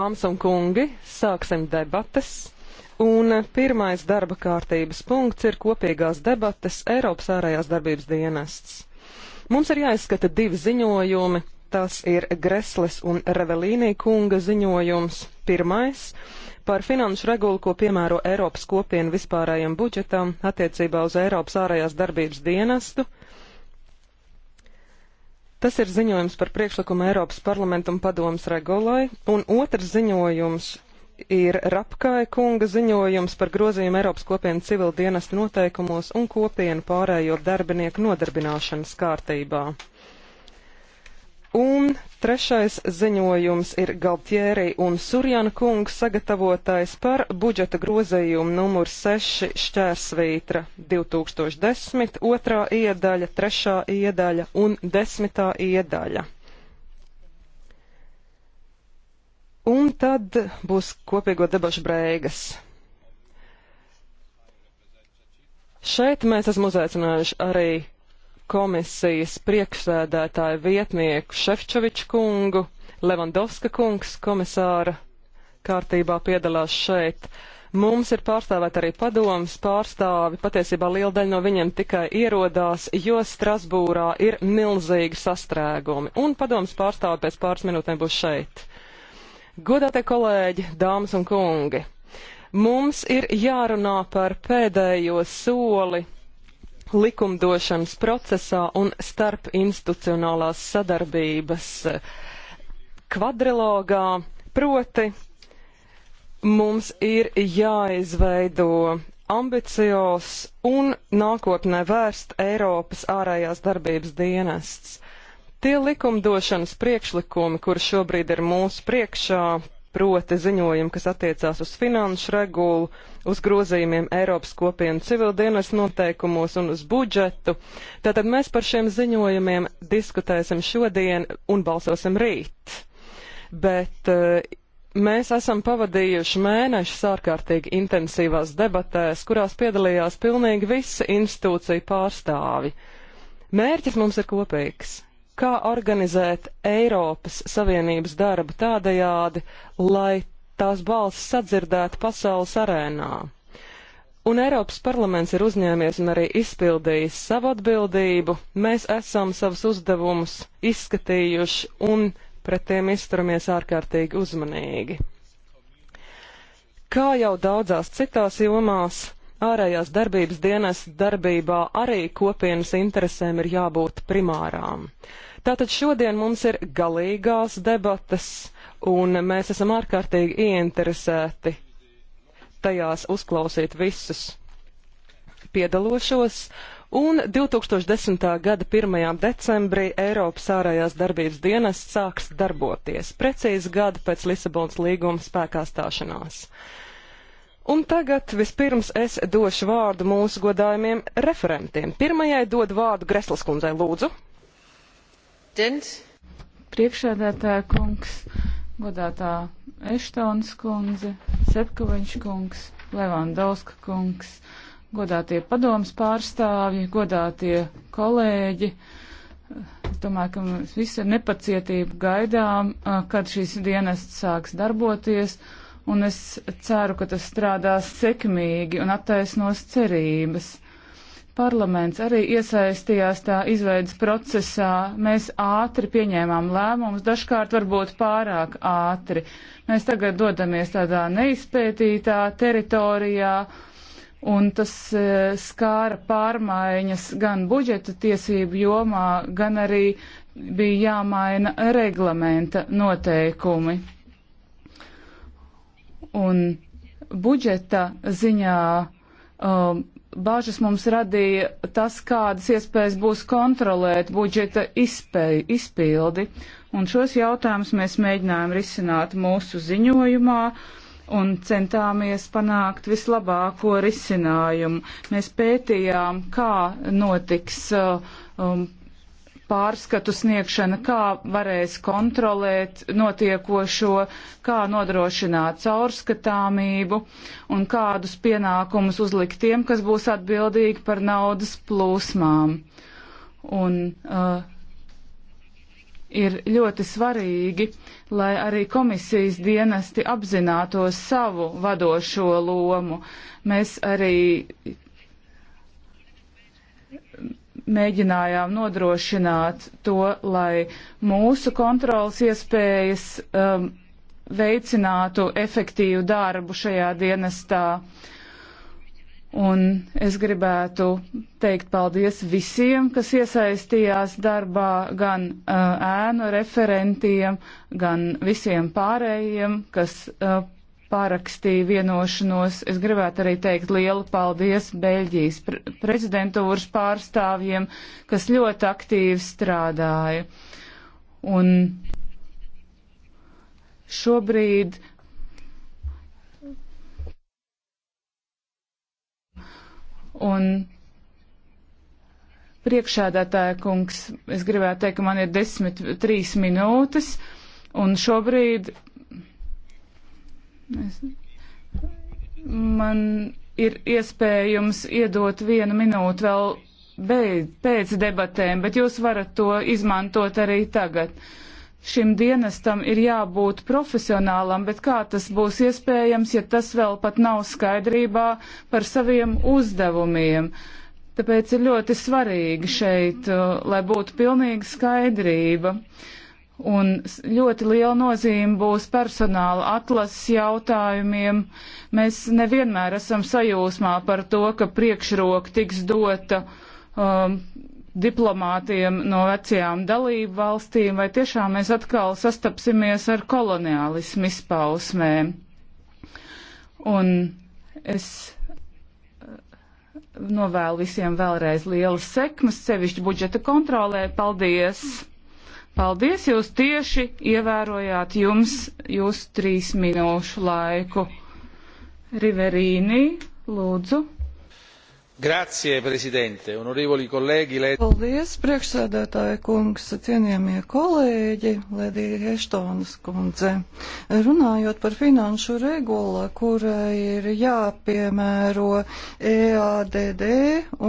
Dāmas un kungi, sāksim debates. Un pirmais darba kārtības punkts ir kopīgās debates Eiropas ārējās darbības dienests. Mums ir jāizskata divi ziņojumi. Tas ir Gresles un Revelīnī kunga ziņojums. Pirmais par finanšu regulu, ko piemēro Eiropas kopienu vispārējiem budžetam attiecībā uz Eiropas ārējās darbības dienestu. Tas ir ziņojums par priekšlikumu Eiropas parlamentu un padomas regulai, un otrs ziņojums ir Rapkai kunga ziņojums par grozījumu Eiropas kopienu civil dienestu noteikumos un kopienu pārējo darbinieku nodarbināšanas kārtībā. Un trešais ziņojums ir Galtjērī un Surjana kungs sagatavotais par budžeta grozējumu numur 6 šķērsvītra 2010, otrā iedaļa, trešā iedaļa un desmitā iedaļa. Un tad būs kopīgo debašu breigas. Šeit mēs esam uzaicinājuši arī komisijas priekšsēdētāja vietnieku Šefčoviču kungu. Levandovska kungs komisāra kārtībā piedalās šeit. Mums ir pārstāvēt arī padomas pārstāvi, patiesībā liela daļa no viņiem tikai ierodās, jo Strasbūrā ir milzīgi sastrēgumi, un padomas pārstāvi pēc pāris minūtēm būs šeit. Godātie kolēģi, dāmas un kungi, mums ir jārunā par pēdējo soli likumdošanas procesā un starp institucionālās sadarbības eh, kvadrilogā. Proti, mums ir jāizveido ambiciozs un nākotnē vērsts Eiropas ārējās darbības dienests. Tie likumdošanas priekšlikumi, kur šobrīd ir mūsu priekšā, proti ziņojumi, kas attiecās uz finanšu regulu, uz grozījumiem Eiropas kopienu civildienas noteikumos un uz budžetu. Tātad mēs par šiem ziņojumiem diskutēsim šodien un balsosim rīt. Bet eh, mēs esam pavadījuši mēnešus ārkārtīgi intensīvās debatēs, kurās piedalījās pilnīgi visi institūcija pārstāvi. Mērķis mums ir kopīgs kā organizēt Eiropas Savienības darbu tādajādi, lai tās balss sadzirdētu pasaules arēnā. Un Eiropas parlaments ir uzņēmies un arī izpildījis savu atbildību. Mēs esam savus uzdevumus izskatījuši un pret tiem izturamies ārkārtīgi uzmanīgi. Kā jau daudzās citās jomās, ārējās darbības dienas darbībā arī kopienas interesēm ir jābūt primārām. Tātad šodien mums ir galīgās debatas, un mēs esam ārkārtīgi ieinteresēti tajās uzklausīt visus piedalošos, un 2010. gada 1. decembrī Eiropas ārējās darbības dienas sāks darboties, precīzi gadu pēc Lisabonas līguma spēkā stāšanās. Un tagad vispirms es došu vārdu mūsu godājumiem referentiem. Pirmajai dod vārdu Greslas kundzei, lūdzu. Dint. Priekšādātāja kungs, godātā Eštons kundze, Sepkoviņš kungs, Levandauska kungs, godātie padomas pārstāvji, godātie kolēģi. Es domāju, ka mēs visi ar nepacietību gaidām, kad šīs dienas sāks darboties un es ceru, ka tas strādās sekmīgi un attaisnos cerības. Parlaments arī iesaistījās tā izveidas procesā. Mēs ātri pieņēmām lēmumus, dažkārt varbūt pārāk ātri. Mēs tagad dodamies tādā neizpētītā teritorijā, un tas e, skāra pārmaiņas gan budžeta tiesību jomā, gan arī bija jāmaina reglamenta noteikumi un budžeta ziņā um, bāžas mums radīja tas, kādas iespējas būs kontrolēt budžeta izpēju, izpildi. Un šos jautājumus mēs mēģinājām risināt mūsu ziņojumā un centāmies panākt vislabāko risinājumu. Mēs pētījām, kā notiks uh, um, pārskatu sniegšana, kā varēs kontrolēt notiekošo, kā nodrošināt caurskatāmību un kādus pienākumus uzlikt tiem, kas būs atbildīgi par naudas plūsmām. Un, uh, ir ļoti svarīgi, lai arī komisijas dienesti apzinātos savu vadošo lomu. Mēs arī mēģinājām nodrošināt to, lai mūsu kontrolas iespējas um, veicinātu efektīvu darbu šajā dienestā. Un es gribētu teikt paldies visiem, kas iesaistījās darbā, gan uh, ēnu referentiem, gan visiem pārējiem, kas uh, pārakstīja vienošanos. Es gribētu arī teikt lielu paldies Beļģijas pre prezidentūras pārstāvjiem, kas ļoti aktīvi strādāja. Un šobrīd un priekšādātāja kungs, es gribētu teikt, ka man ir desmit, trīs minūtes, un šobrīd Es, man ir iespējams iedot vienu minūtu vēl beidz, pēc debatēm, bet jūs varat to izmantot arī tagad. Šim dienestam ir jābūt profesionālam, bet kā tas būs iespējams, ja tas vēl pat nav skaidrībā par saviem uzdevumiem? Tāpēc ir ļoti svarīgi šeit, uh, lai būtu pilnīga skaidrība. Uh, Un ļoti liela nozīme būs personāla atlases jautājumiem. Mēs nevienmēr esam sajūsmā par to, ka priekšroka tiks dota um, diplomātiem no vecajām dalību valstīm, vai tiešām mēs atkal sastapsimies ar koloniālismu izpausmēm. Un es uh, novēlu visiem vēlreiz lielas sekmes, sevišķi budžeta kontrolē. Paldies! Paldies, jūs tieši ievērojāt jums jūs trīs minūšu laiku. Riverīnī, lūdzu. Grazie, prezidente, onorevoli kolēģi. Led... Paldies, priekšsēdētāja kungs, cienījamie kolēģi, Ledija Heštonas kundze. Runājot par finanšu regulu, kurai ir jāpiemēro EADD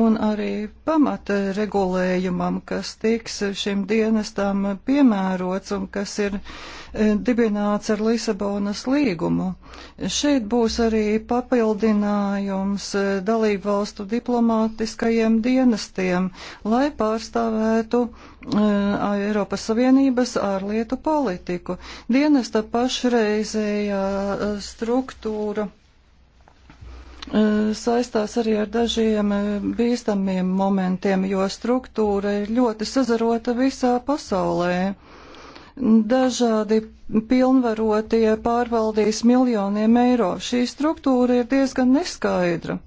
un arī pamata regulējumam, kas tiks šim dienestam piemērots un kas ir dibināts ar Lisabonas līgumu. Šeit būs arī papildinājums eh, dalību valstu diplomātiskajiem dienestiem, lai pārstāvētu eh, Eiropas Savienības ārlietu politiku. Dienesta pašreizējā eh, struktūra saistās arī ar dažiem bīstamiem momentiem, jo struktūra ir ļoti sazarota visā pasaulē. Dažādi pilnvarotie pārvaldīs miljoniem eiro. Šī struktūra ir diezgan neskaidra.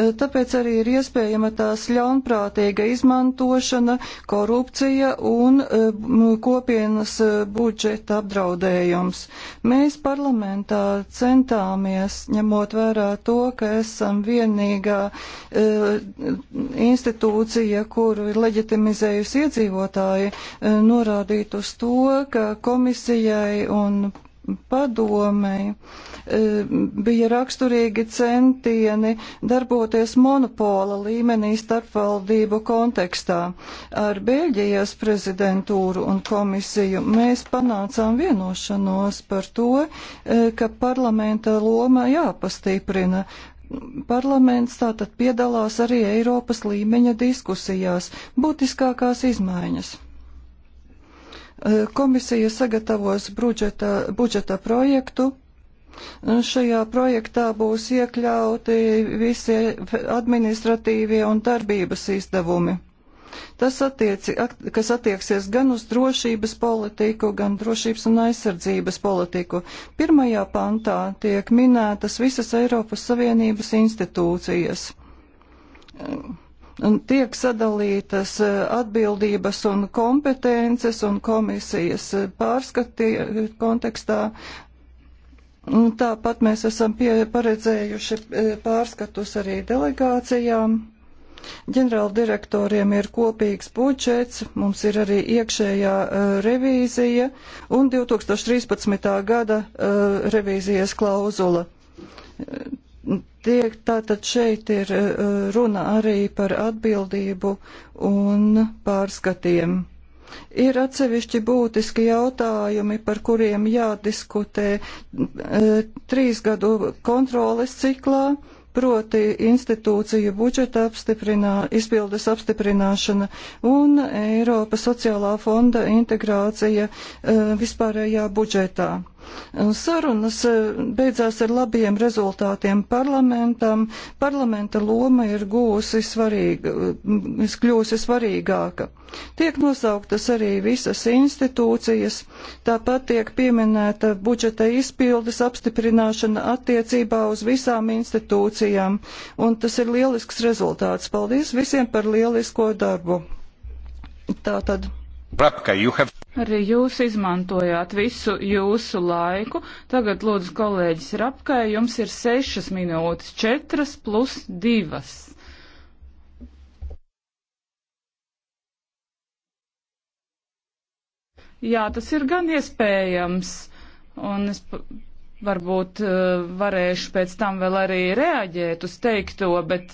E, tāpēc arī ir iespējama tās ļaunprātīga izmantošana, korupcija un e, kopienas e, budžeta apdraudējums. Mēs parlamentā centāmies, ņemot vērā to, ka esam vienīgā institūcija, kuru ir leģitimizējusi iedzīvotāji, norādīt uz to, ka komisijai un padomei e, bija raksturīgi centieni darboties monopola līmenī starpvaldību kontekstā. Ar Bēļģijas prezidentūru un komisiju mēs panācām vienošanos par to, e, ka parlamenta loma jāpastiprina, Parlaments tātad piedalās arī Eiropas līmeņa diskusijās, būtiskākās izmaiņas. Eh, komisija sagatavos budžeta, budžeta projektu. Eh, šajā projektā būs iekļauti visi administratīvie un darbības izdevumi. Tas attieci, kas attieksies gan uz drošības politiku, gan drošības un aizsardzības politiku. Pirmajā pantā tiek minētas visas Eiropas Savienības institūcijas eh, un tiek sadalītas eh, atbildības un kompetences un komisijas eh, pārskati eh, kontekstā. Un tāpat mēs esam pie, paredzējuši pārskatus arī delegācijām. Ģenerāldirektoriem ir kopīgs budžets, mums ir arī iekšējā uh, revīzija un 2013. gada uh, revīzijas klauzula. Tiek tātad šeit ir eh, runa arī par atbildību un pārskatiem. Ir atsevišķi būtiski jautājumi, par kuriem jādiskutē eh, trīs gadu kontroles ciklā, proti institūciju budžeta apstiprinā, izpildes apstiprināšana un Eiropas sociālā fonda integrācija eh, vispārējā budžetā. Sarunas e, beidzās ar labiem rezultātiem parlamentam. Parlamenta loma ir gūsi svarīga, kļūsi svarīgāka. Tiek nosauktas arī visas institūcijas, tāpat tiek pieminēta budžeta izpildes apstiprināšana attiecībā uz visām institūcijām, un tas ir lielisks rezultāts. Paldies visiem par lielisko darbu. Tātad. Rapka, you have Arī jūs izmantojāt visu jūsu laiku. Tagad, lūdzu, kolēģis ir apkai, jums ir sešas minūtes, četras plus divas. Jā, tas ir gan iespējams, un es varbūt eh, varēšu pēc tam vēl arī reaģēt uz teikto, bet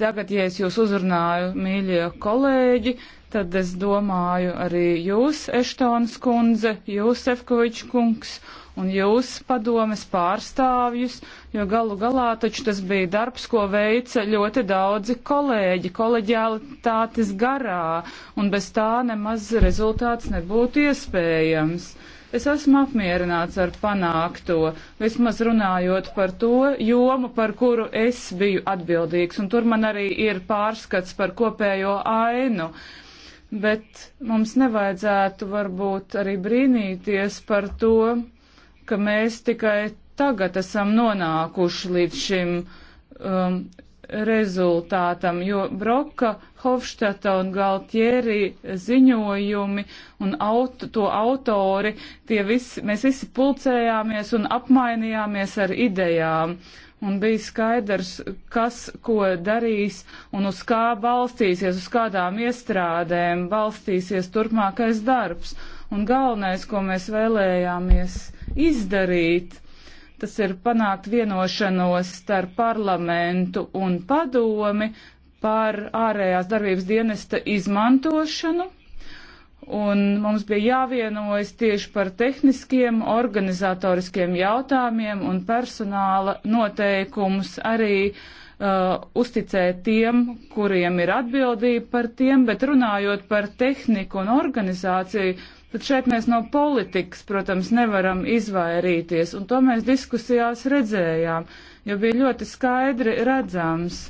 tagad, ja es jūs uzrunāju, mīļie kolēģi, tad es domāju arī jūs, Eštons kundze, jūs, Efkovičs kungs, un jūs padomes pārstāvjus, jo galu galā taču tas bija darbs, ko veica ļoti daudzi kolēģi, koleģialitātes garā, un bez tā nemaz rezultāts nebūtu iespējams. Es esmu apmierināts ar panākto, vismaz runājot par to jomu, par kuru es biju atbildīgs, un tur man arī ir pārskats par kopējo ainu. Uh, bet mums nevajadzētu varbūt arī brīnīties par to, ka mēs tikai tagad esam nonākuši līdz šim um, rezultātam, jo Broka, Hofštata un Galtieri ziņojumi un auto, to autori, tie visi, mēs visi pulcējāmies un apmainījāmies ar idejām un bija skaidrs, kas ko darīs un uz kā balstīsies, uz kādām iestrādēm balstīsies turpmākais darbs. Un galvenais, ko mēs vēlējāmies izdarīt, tas ir panākt vienošanos starp parlamentu un padomi par ārējās darbības dienesta izmantošanu un mums bija jāvienojas tieši par tehniskiem, organizatoriskiem jautājumiem un personāla noteikumus arī uh, uzticēt tiem, kuriem ir atbildība par tiem, bet runājot par tehniku un organizāciju, tad šeit mēs no politikas, protams, nevaram izvairīties, un to mēs diskusijās redzējām, jo bija ļoti skaidri redzams,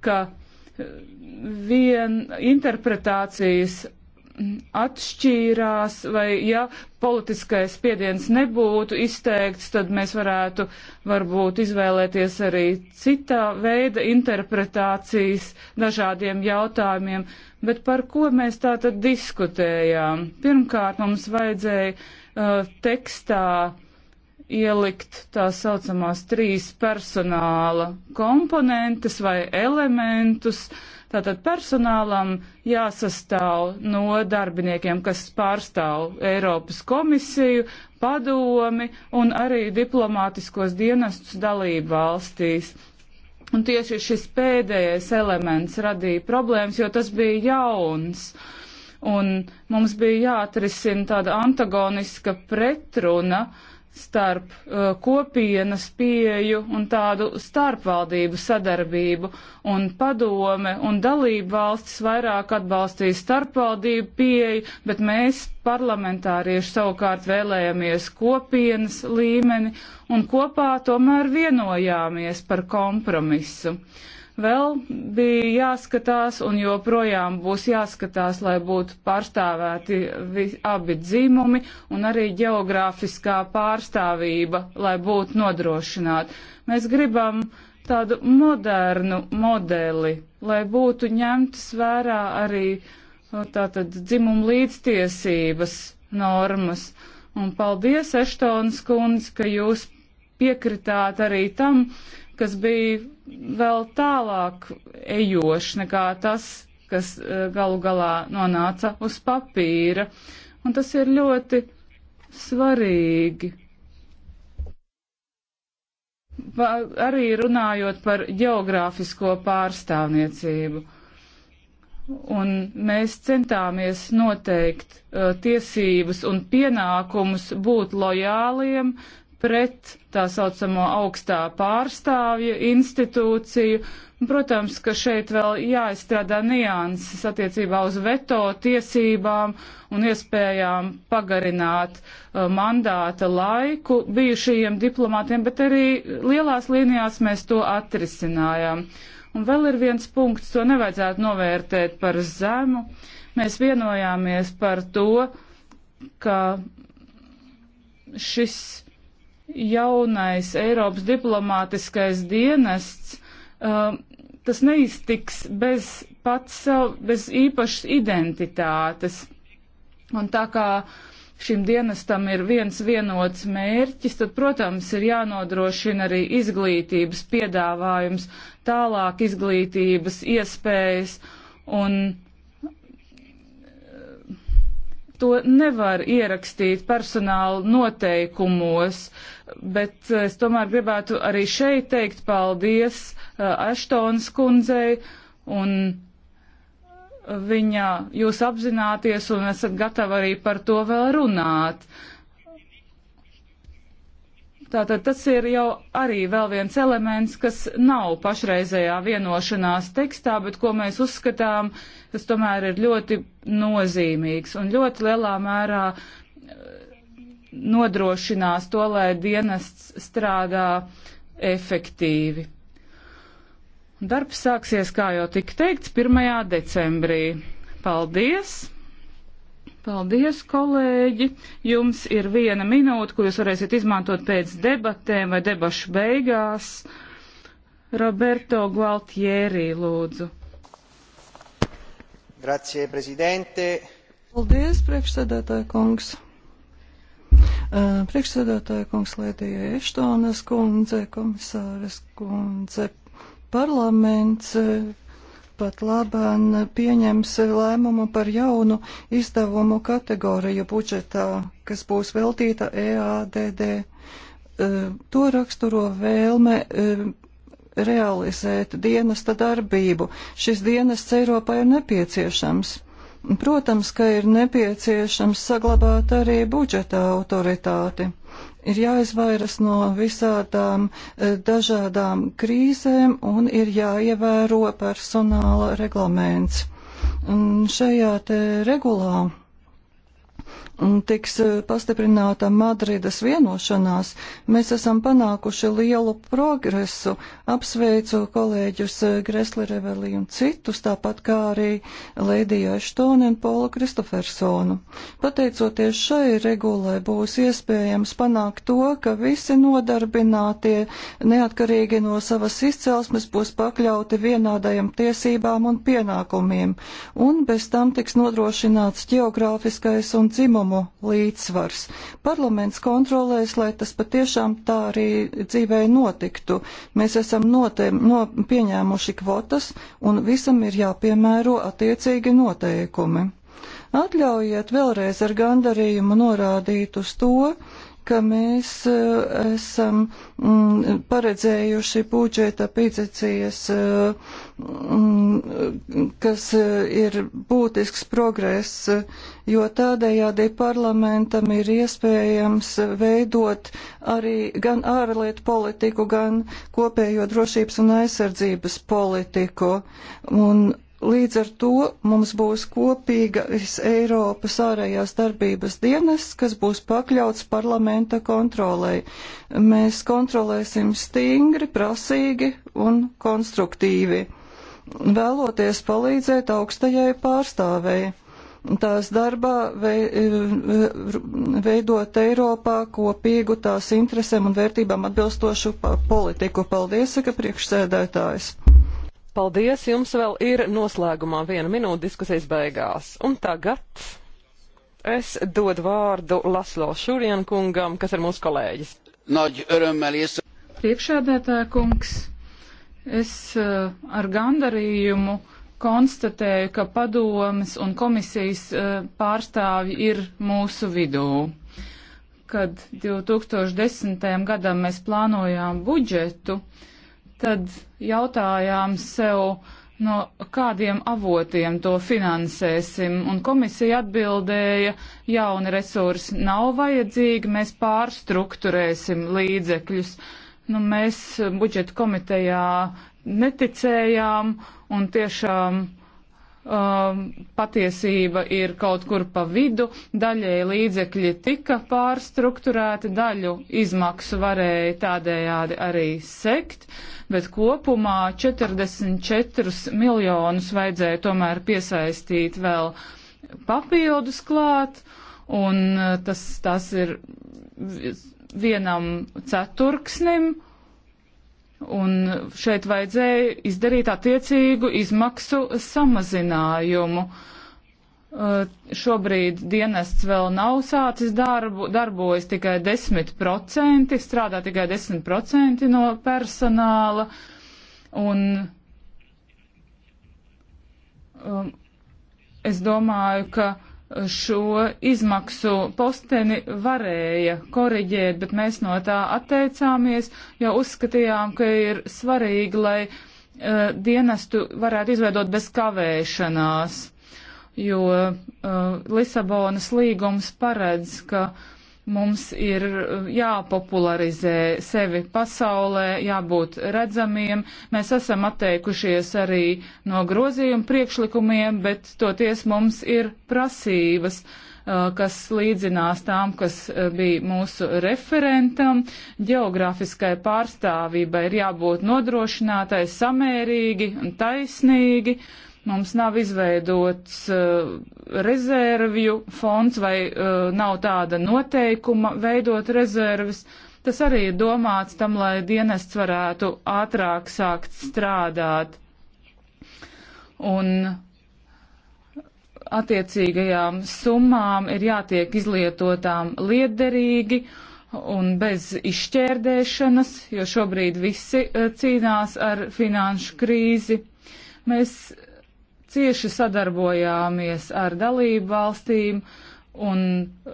ka uh, vien interpretācijas atšķīrās, vai ja politiskais spiediens nebūtu izteikts, tad mēs varētu varbūt izvēlēties arī citā veida interpretācijas dažādiem jautājumiem, bet par ko mēs tā tad diskutējām? Pirmkārt, mums vajadzēja uh, tekstā ielikt tā saucamās trīs personāla komponentes vai elementus, uh, Tātad personālam jāsastāv no darbiniekiem, kas pārstāv Eiropas komisiju, padomi un arī diplomātiskos dienestus dalību valstīs. Un tieši šis pēdējais elements radīja problēmas, jo tas bija jauns. Un mums bija jāatrisina tāda antagoniska pretruna uh, starp uh, kopienas pieju un tādu starpvaldību sadarbību, un padome un dalību valstis vairāk atbalstīja starpvaldību pieju, bet mēs parlamentārieši savukārt vēlējamies kopienas līmeni un kopā tomēr vienojāmies par kompromisu. Uh, vēl bija jāskatās un joprojām būs jāskatās, lai būtu pārstāvēti abi dzimumi un arī geogrāfiskā pārstāvība, lai būtu nodrošināta. Mēs gribam tādu modernu modeli, lai būtu ņemtas vērā arī tātad dzimumu līdztiesības normas. Un paldies, Eštons kundze, ka jūs piekritāt arī tam, kas bija vēl tālāk ejošs nekā tas, kas eh, galu galā nonāca uz papīra. Un tas ir ļoti svarīgi. Pa, arī runājot par geogrāfisko pārstāvniecību. Un mēs centāmies noteikt uh, tiesības un pienākumus būt lojāliem pret tā saucamo augstā pārstāvja institūciju. Protams, ka šeit vēl jāizstrādā nianses attiecībā uz veto tiesībām un iespējām pagarināt uh, mandāta laiku bijušajiem diplomātiem, bet arī lielās līnijās mēs to atrisinājām. Un vēl ir viens punkts, to nevajadzētu novērtēt par zemu. Mēs vienojāmies par to, ka šis jaunais Eiropas diplomātiskais dienests, um, tas neiztiks bez pats savu, bez īpašas identitātes. Un tā kā šim dienestam ir viens vienots mērķis, tad, protams, ir jānodrošina arī izglītības piedāvājums, tālāk izglītības iespējas un uh, to nevar ierakstīt personāla noteikumos. Uh, bet eh, es tomēr gribētu arī šeit teikt paldies eh, Aštons kundzei un viņa jūs apzināties un esat gatavi arī par to vēl runāt. Tātad tas ir jau arī vēl viens elements, kas nav pašreizējā vienošanās tekstā, bet ko mēs uzskatām, kas tomēr ir ļoti nozīmīgs un ļoti lielā mērā nodrošinās to, lai dienests strādā efektīvi. Darbs sāksies, kā jau tika teikts, 1. decembrī. Paldies! Paldies, kolēģi! Jums ir viena minūte, ko jūs varēsiet izmantot pēc debatēm vai debašu beigās. Roberto Gualtieri, lūdzu. Grazie, prezidente! Paldies, priekšsēdētāja kungs! Uh, priekšsēdētāja kungs Lētija Eštonas kundze, komisāres kundze, parlaments uh, pat labāk pieņems lēmumu par jaunu izdevumu kategoriju budžetā, kas būs veltīta EADD. Uh, to raksturo vēlme realizēt dienesta darbību. Šis dienests Eiropā ir nepieciešams. Protams, ka ir nepieciešams saglabāt arī budžeta autoritāti. Ir jāizvairas no visādām eh, dažādām krīzēm un ir jāievēro personāla reglaments. Un šajā te regulā tiks eh, pastiprināta Madrides vienošanās, mēs esam panākuši lielu progresu. Apsveicu kolēģus eh, Gresli Revelī un citus, tāpat kā arī Lēdiju Eštoni un Polu Kristofersonu. Pateicoties šai regulai būs iespējams panākt to, ka visi nodarbinātie, neatkarīgi no savas izcelsmes, būs pakļauti vienādajam tiesībām un pienākumiem, un bez tam tiks nodrošināts geogrāfiskais un dzimums likumu līdzsvars. Parlaments kontrolēs, lai tas patiešām tā arī dzīvē notiktu. Mēs esam note, no, pieņēmuši kvotas un visam ir jāpiemēro attiecīgi noteikumi. Atļaujiet vēlreiz ar gandarījumu norādīt uz to, ka mēs eh, esam mm, paredzējuši budžeta pīdzecijas, mm, kas eh, ir būtisks progress, jo tādējādi parlamentam ir iespējams veidot arī gan ārlietu politiku, gan kopējo drošības un aizsardzības politiku. Un Līdz ar to mums būs kopīgas Eiropas ārējās darbības dienas, kas būs pakļauts parlamenta kontrolei. Mēs kontrolēsim stingri, prasīgi un konstruktīvi, vēloties palīdzēt augstajai pārstāvēji. Tās darbā veidot Eiropā kopīgu tās interesēm un vērtībām atbilstošu politiku. Paldies, saka priekšsēdētājs. Paldies, jums vēl ir noslēgumā viena minūte diskusijas beigās. Un tagad es dodu vārdu Laslo Šurjan kungam, kas ir mūsu kolēģis. Priekšādētāja kungs, es eh, ar gandarījumu konstatēju, ka padomas un komisijas eh, pārstāvji ir mūsu vidū. Kad 2010. gadam mēs plānojām budžetu, uh, tad jautājām sev, no kādiem avotiem to finansēsim, un komisija atbildēja, jauni resursi nav vajadzīgi, mēs pārstruktūrēsim līdzekļus. Nu, mēs budžeta komitejā neticējām un tiešām uh, um, patiesība ir kaut kur pa vidu, daļai līdzekļi tika pārstruktūrēti, daļu izmaksu varēja tādējādi arī sekt, bet kopumā 44 miljonus vajadzēja tomēr piesaistīt vēl papildus klāt, un tas, tas ir vienam ceturksnim Un šeit vajadzēja izdarīt attiecīgu izmaksu samazinājumu. Uh, šobrīd dienests vēl nav sācis darbu, darbojas tikai 10%, strādā tikai 10% no personāla. Un um, es domāju, ka šo izmaksu posteni varēja koriģēt, bet mēs no tā atteicāmies, jo uzskatījām, ka ir svarīgi, lai uh, dienestu varētu izveidot bez kavēšanās, jo uh, Lisabonas līgums paredz, ka uh, Mums ir uh, jāpopularizē sevi pasaulē, jābūt redzamiem. Mēs esam atteikušies arī no grozījuma priekšlikumiem, bet toties mums ir prasības, uh, kas līdzinās tām, kas uh, bija mūsu referentam. Geogrāfiskai pārstāvībai ir jābūt nodrošinātai samērīgi un taisnīgi. Uh, Mums nav izveidots uh, rezervju fonds vai uh, nav tāda noteikuma veidot rezerves. Tas arī ir domāts tam, lai dienests varētu ātrāk sākt strādāt. Un attiecīgajām summām ir jātiek izlietotām liederīgi un bez izšķērdēšanas, jo šobrīd visi eh, cīnās ar finanšu krīzi. Mēs cieši sadarbojāmies ar dalību valstīm un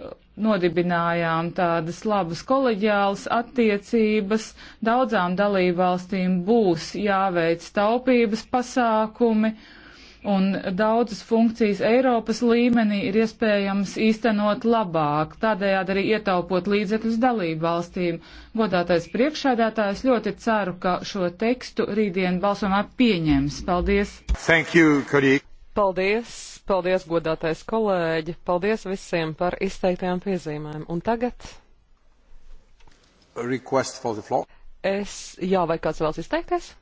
uh, nodibinājām tādas labas koleģiālas attiecības. Daudzām dalību valstīm būs jāveic taupības pasākumi. Uh, un daudzas funkcijas Eiropas līmenī ir iespējams īstenot labāk, tādējādi arī ietaupot līdzekļus dalību valstīm. Godātais priekšādātājs ļoti ceru, ka šo tekstu rītdien balsojumā pieņems. Paldies! Thank you, colleague. Paldies! Paldies, godātais kolēģi! Paldies visiem par izteiktajām piezīmēm. Un tagad? Request for the floor. Es, jā, vai kāds vēlas izteikties?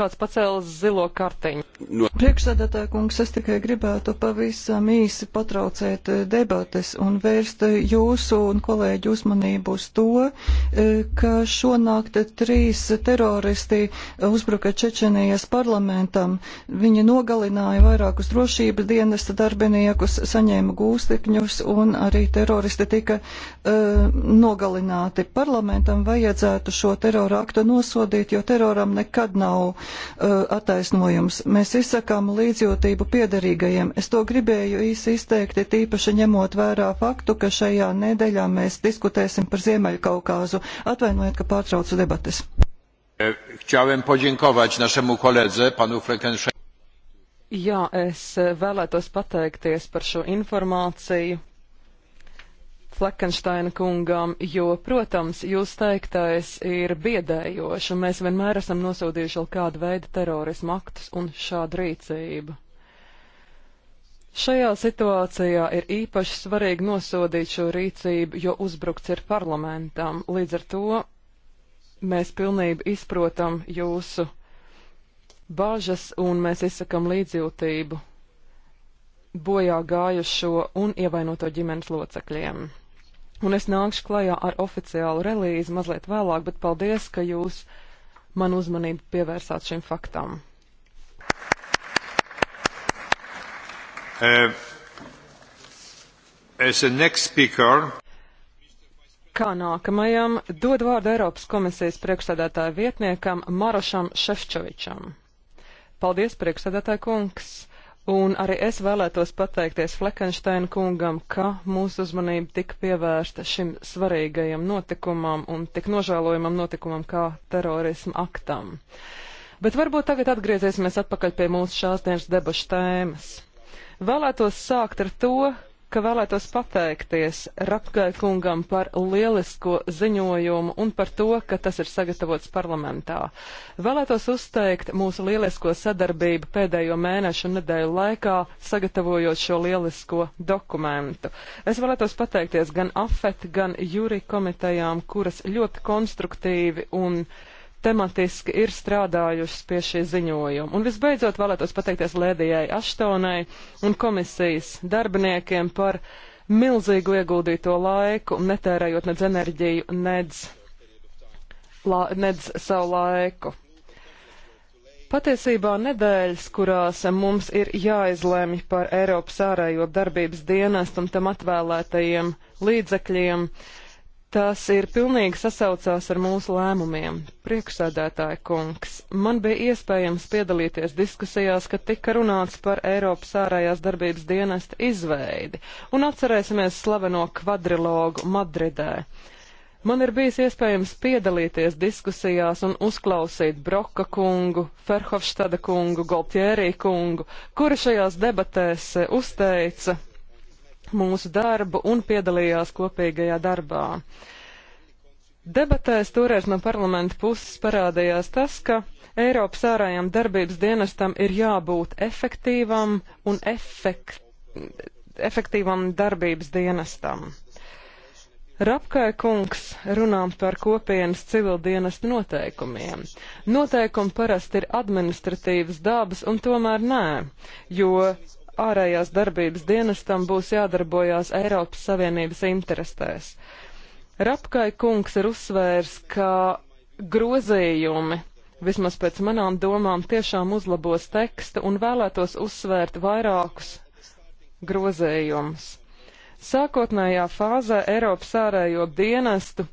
kāds pacēlis zilo kartiņu. No. Priekšsēdētāja kungs, es tikai gribētu pavisam īsi patraucēt eh, debates un vērst jūsu un kolēģu uzmanību uz to, eh, ka šonakt trīs teroristi uzbruka Čečenijas parlamentam. Viņi nogalināja vairākus drošības dienesta darbiniekus, saņēma gūstekņus un arī teroristi tika uh, nogalināti. Parlamentam vajadzētu šo terora aktu nosodīt, jo teroram nekad nav Uh, attaisnojums. Mēs izsakām līdzjūtību piederīgajiem. Es to gribēju īsi izteikti, tīpaši ņemot vērā faktu, ka šajā nedēļā mēs diskutēsim par Ziemeļkaukāzu. Atvainojiet, ka pārtraucu debates. E, chciałem podziękować naszemu koledze, panu Fleckensteinowi. Jā, es vēlētos pateikties par šo informāciju. Fleckensteina kungam, jo, protams, jūs teiktais ir biedējoši, un mēs vienmēr esam nosodījuši vēl kādu veidu terorismu aktus un šādu rīcību. Šajā situācijā ir īpaši svarīgi nosodīt šo rīcību, jo uzbrukts ir parlamentam. Līdz ar to mēs pilnībā izprotam jūsu bāžas un mēs izsakam līdzjūtību bojā gājušo un ievainoto ģimenes locekļiem un es nākšu klajā ar oficiālu relīzi mazliet vēlāk, bet paldies, ka jūs man uzmanību pievērsāt šim faktam. Uh, speaker... Kā nākamajam dod vārdu Eiropas komisijas priekšsēdētāja vietniekam Marošam Šefčovičam. Paldies, priekšsēdētāja kungs! Un arī es vēlētos pateikties Fleckensteina kungam, ka mūsu uzmanība tika pievērsta šim svarīgajam notikumam un tik nožēlojamam notikumam kā terorisma aktam. Bet varbūt tagad atgriezīsimies atpakaļ pie mūsu šās dienas debašu tēmas. Vēlētos sākt ar to, ka vēlētos pateikties Rapkai kungam par lielisko ziņojumu un par to, ka tas ir sagatavots parlamentā. Vēlētos uzteikt mūsu lielisko sadarbību pēdējo mēnešu un nedēļu laikā, sagatavojot šo lielisko dokumentu. Es vēlētos pateikties gan AFET, gan Juri komitejām, kuras ļoti konstruktīvi un uh, tematiski ir strādājušas pie šī ziņojuma. Un visbeidzot vēlētos pateikties Lēdijai Aštonai un komisijas darbiniekiem par milzīgu ieguldīto laiku, netērējot nedz enerģiju, nedz, la, nedz savu laiku. Patiesībā nedēļas, kurās mums ir jāizlēmj par Eiropas ārējo darbības dienestu un tam atvēlētajiem līdzekļiem, uh, Tas ir pilnīgi sasaucās ar mūsu lēmumiem. Priekšsēdētāja kungs, man bija iespējams piedalīties diskusijās, kad tika runāts par Eiropas ārējās darbības dienesta izveidi, un atcerēsimies slaveno kvadrilogu Madridē. Man ir bijis iespējams piedalīties diskusijās un uzklausīt Broka kungu, Ferhofstada kungu, Goltjērī kungu, kuri šajās debatēs uzteica mūsu darbu un piedalījās kopīgajā darbā. Debatēs toreiz no parlamenta puses parādījās tas, ka Eiropas ārējām darbības dienestam ir jābūt efektīvam un efek efektīvam darbības dienestam. Rapkai kungs runām par kopienas civildienestu noteikumiem. Noteikumi parasti ir administratīvas dabas un tomēr nē, jo ārējās darbības dienestam būs jādarbojās Eiropas Savienības interesēs. Rapkai kungs ir uzsvērs, ka grozījumi, vismaz pēc manām domām, tiešām uzlabos tekstu un vēlētos uzsvērt vairākus grozījumus. Sākotnējā fāzē Eiropas ārējo dienestu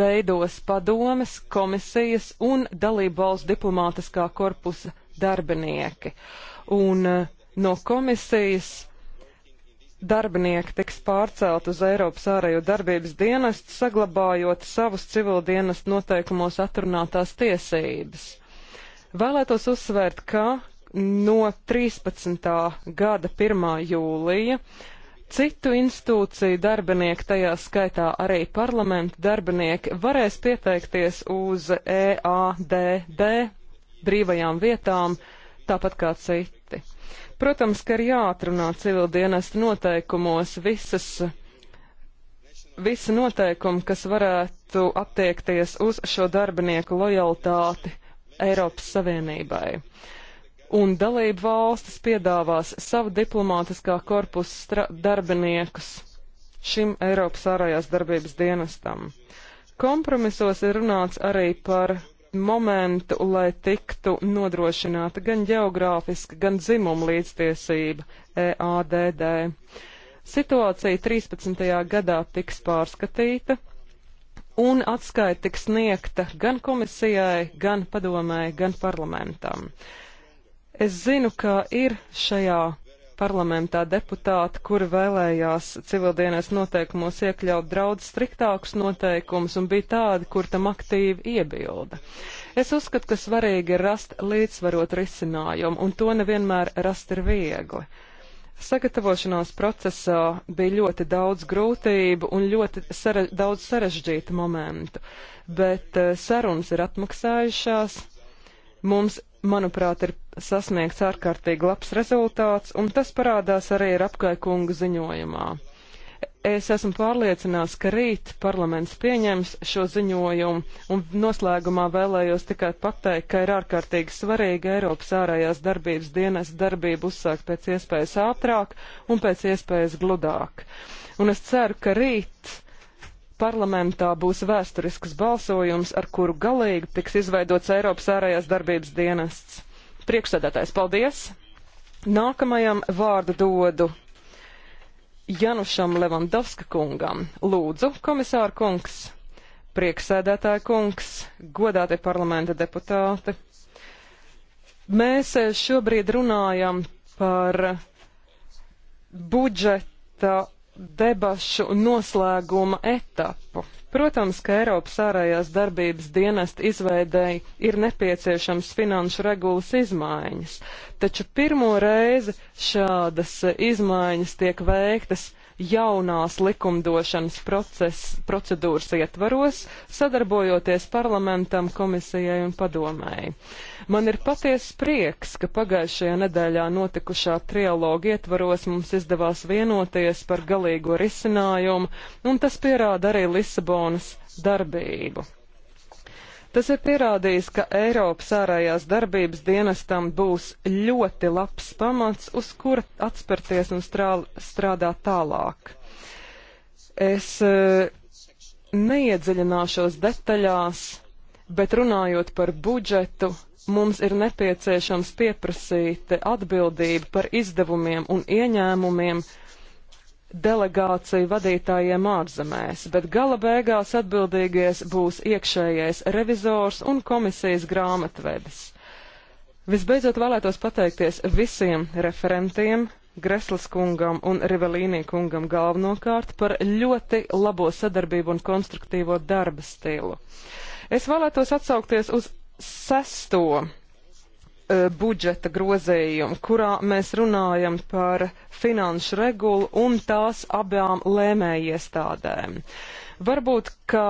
veidos padomes, komisijas un dalību valsts diplomātiskā korpusa darbinieki. Un uh, no komisijas darbinieki tiks pārcelt uz Eiropas ārējo darbības dienestu, saglabājot savus civildienestu noteikumos atrunātās tiesības. Vēlētos uzsvērt, ka no 13. gada 1. jūlija citu institūciju darbinieki, tajā skaitā arī parlamenta darbinieki, varēs pieteikties uz EADD brīvajām vietām, tāpat kā citi. Protams, ka ir jāatrunā civildienesta noteikumos visas, visi noteikumi, kas varētu attiekties uz šo darbinieku lojalitāti Eiropas Savienībai. Un dalību valstis piedāvās savu diplomātiskā korpusa darbiniekus šim Eiropas ārējās darbības dienestam. Kompromisos ir runāts arī par momentu, lai tiktu nodrošināta gan geogrāfiska, gan dzimuma līdztiesība EADD. Situācija 13. gadā tiks pārskatīta, un atskaita tiks sniegta gan komisijai, gan padomēji, gan parlamentam. Es zinu, ka ir šajā parlamentā deputāti, kuri vēlējās civildienas noteikumos iekļaut draudz striktākus noteikumus un bija tādi, kur tam aktīvi iebilda. Es uzskatu, ka svarīgi ir rast līdzsvarot risinājumu, un to nevienmēr rast ir viegli. Sagatavošanās procesā bija ļoti daudz grūtību un ļoti sare daudz sarežģītu momentu, bet eh, sarunas ir atmaksājušās, mums manuprāt, ir sasniegts ārkārtīgi labs rezultāts, un tas parādās arī ar apkaikungu ziņojumā. Es esmu pārliecināts, ka rīt parlaments pieņems šo ziņojumu, un noslēgumā vēlējos tikai pateikt, ka ir ārkārtīgi svarīgi Eiropas ārējās darbības dienas darbību uzsākt pēc iespējas ātrāk un pēc iespējas gludāk. Un es ceru, ka rīt parlamentā būs vēsturisks balsojums, ar kuru galīgi tiks izveidots Eiropas ārējās darbības dienests. Priekšsēdētājs, paldies! Nākamajam vārdu dodu Janušam Levandovska kungam. Lūdzu, komisāra kungs! prieksēdētāja kungs, godātie parlamenta deputāti. Mēs eh, šobrīd runājam par budžeta debašu noslēguma etapu. Protams, ka Eiropas ārējās darbības dienesta izveidēji ir nepieciešams finanšu regulas izmaiņas, taču pirmo reizi šādas izmaiņas tiek veiktas jaunās likumdošanas process, procedūras ietvaros, sadarbojoties parlamentam, komisijai un padomēji. Man ir patiesa prieks, ka pagājušajā nedēļā notikušā trialoga ietvaros mums izdevās vienoties par galīgo risinājumu, un tas pierāda arī Lisabonas darbību. Tas ir pierādījis, ka Eiropas ārējās darbības dienestam būs ļoti labs pamats, uz kura atspērties un strādāt tālāk. Es eh, neiedziļināšos detaļās, bet runājot par budžetu, mums ir nepieciešams pieprasīt atbildību par izdevumiem un ieņēmumiem, delegāciju vadītājiem ārzemēs, bet gala beigās atbildīgies būs iekšējais revizors un komisijas grāmatvedis. Visbeidzot vēlētos pateikties visiem referentiem, Greslas kungam un Rivelīnī kungam galvenokārt par ļoti labo sadarbību un konstruktīvo darba stilu. Es vēlētos atsaukties uz sesto E, budžeta grozījumu, kurā mēs runājam par finanšu regulu un tās abām lēmējiestādēm. Varbūt, ka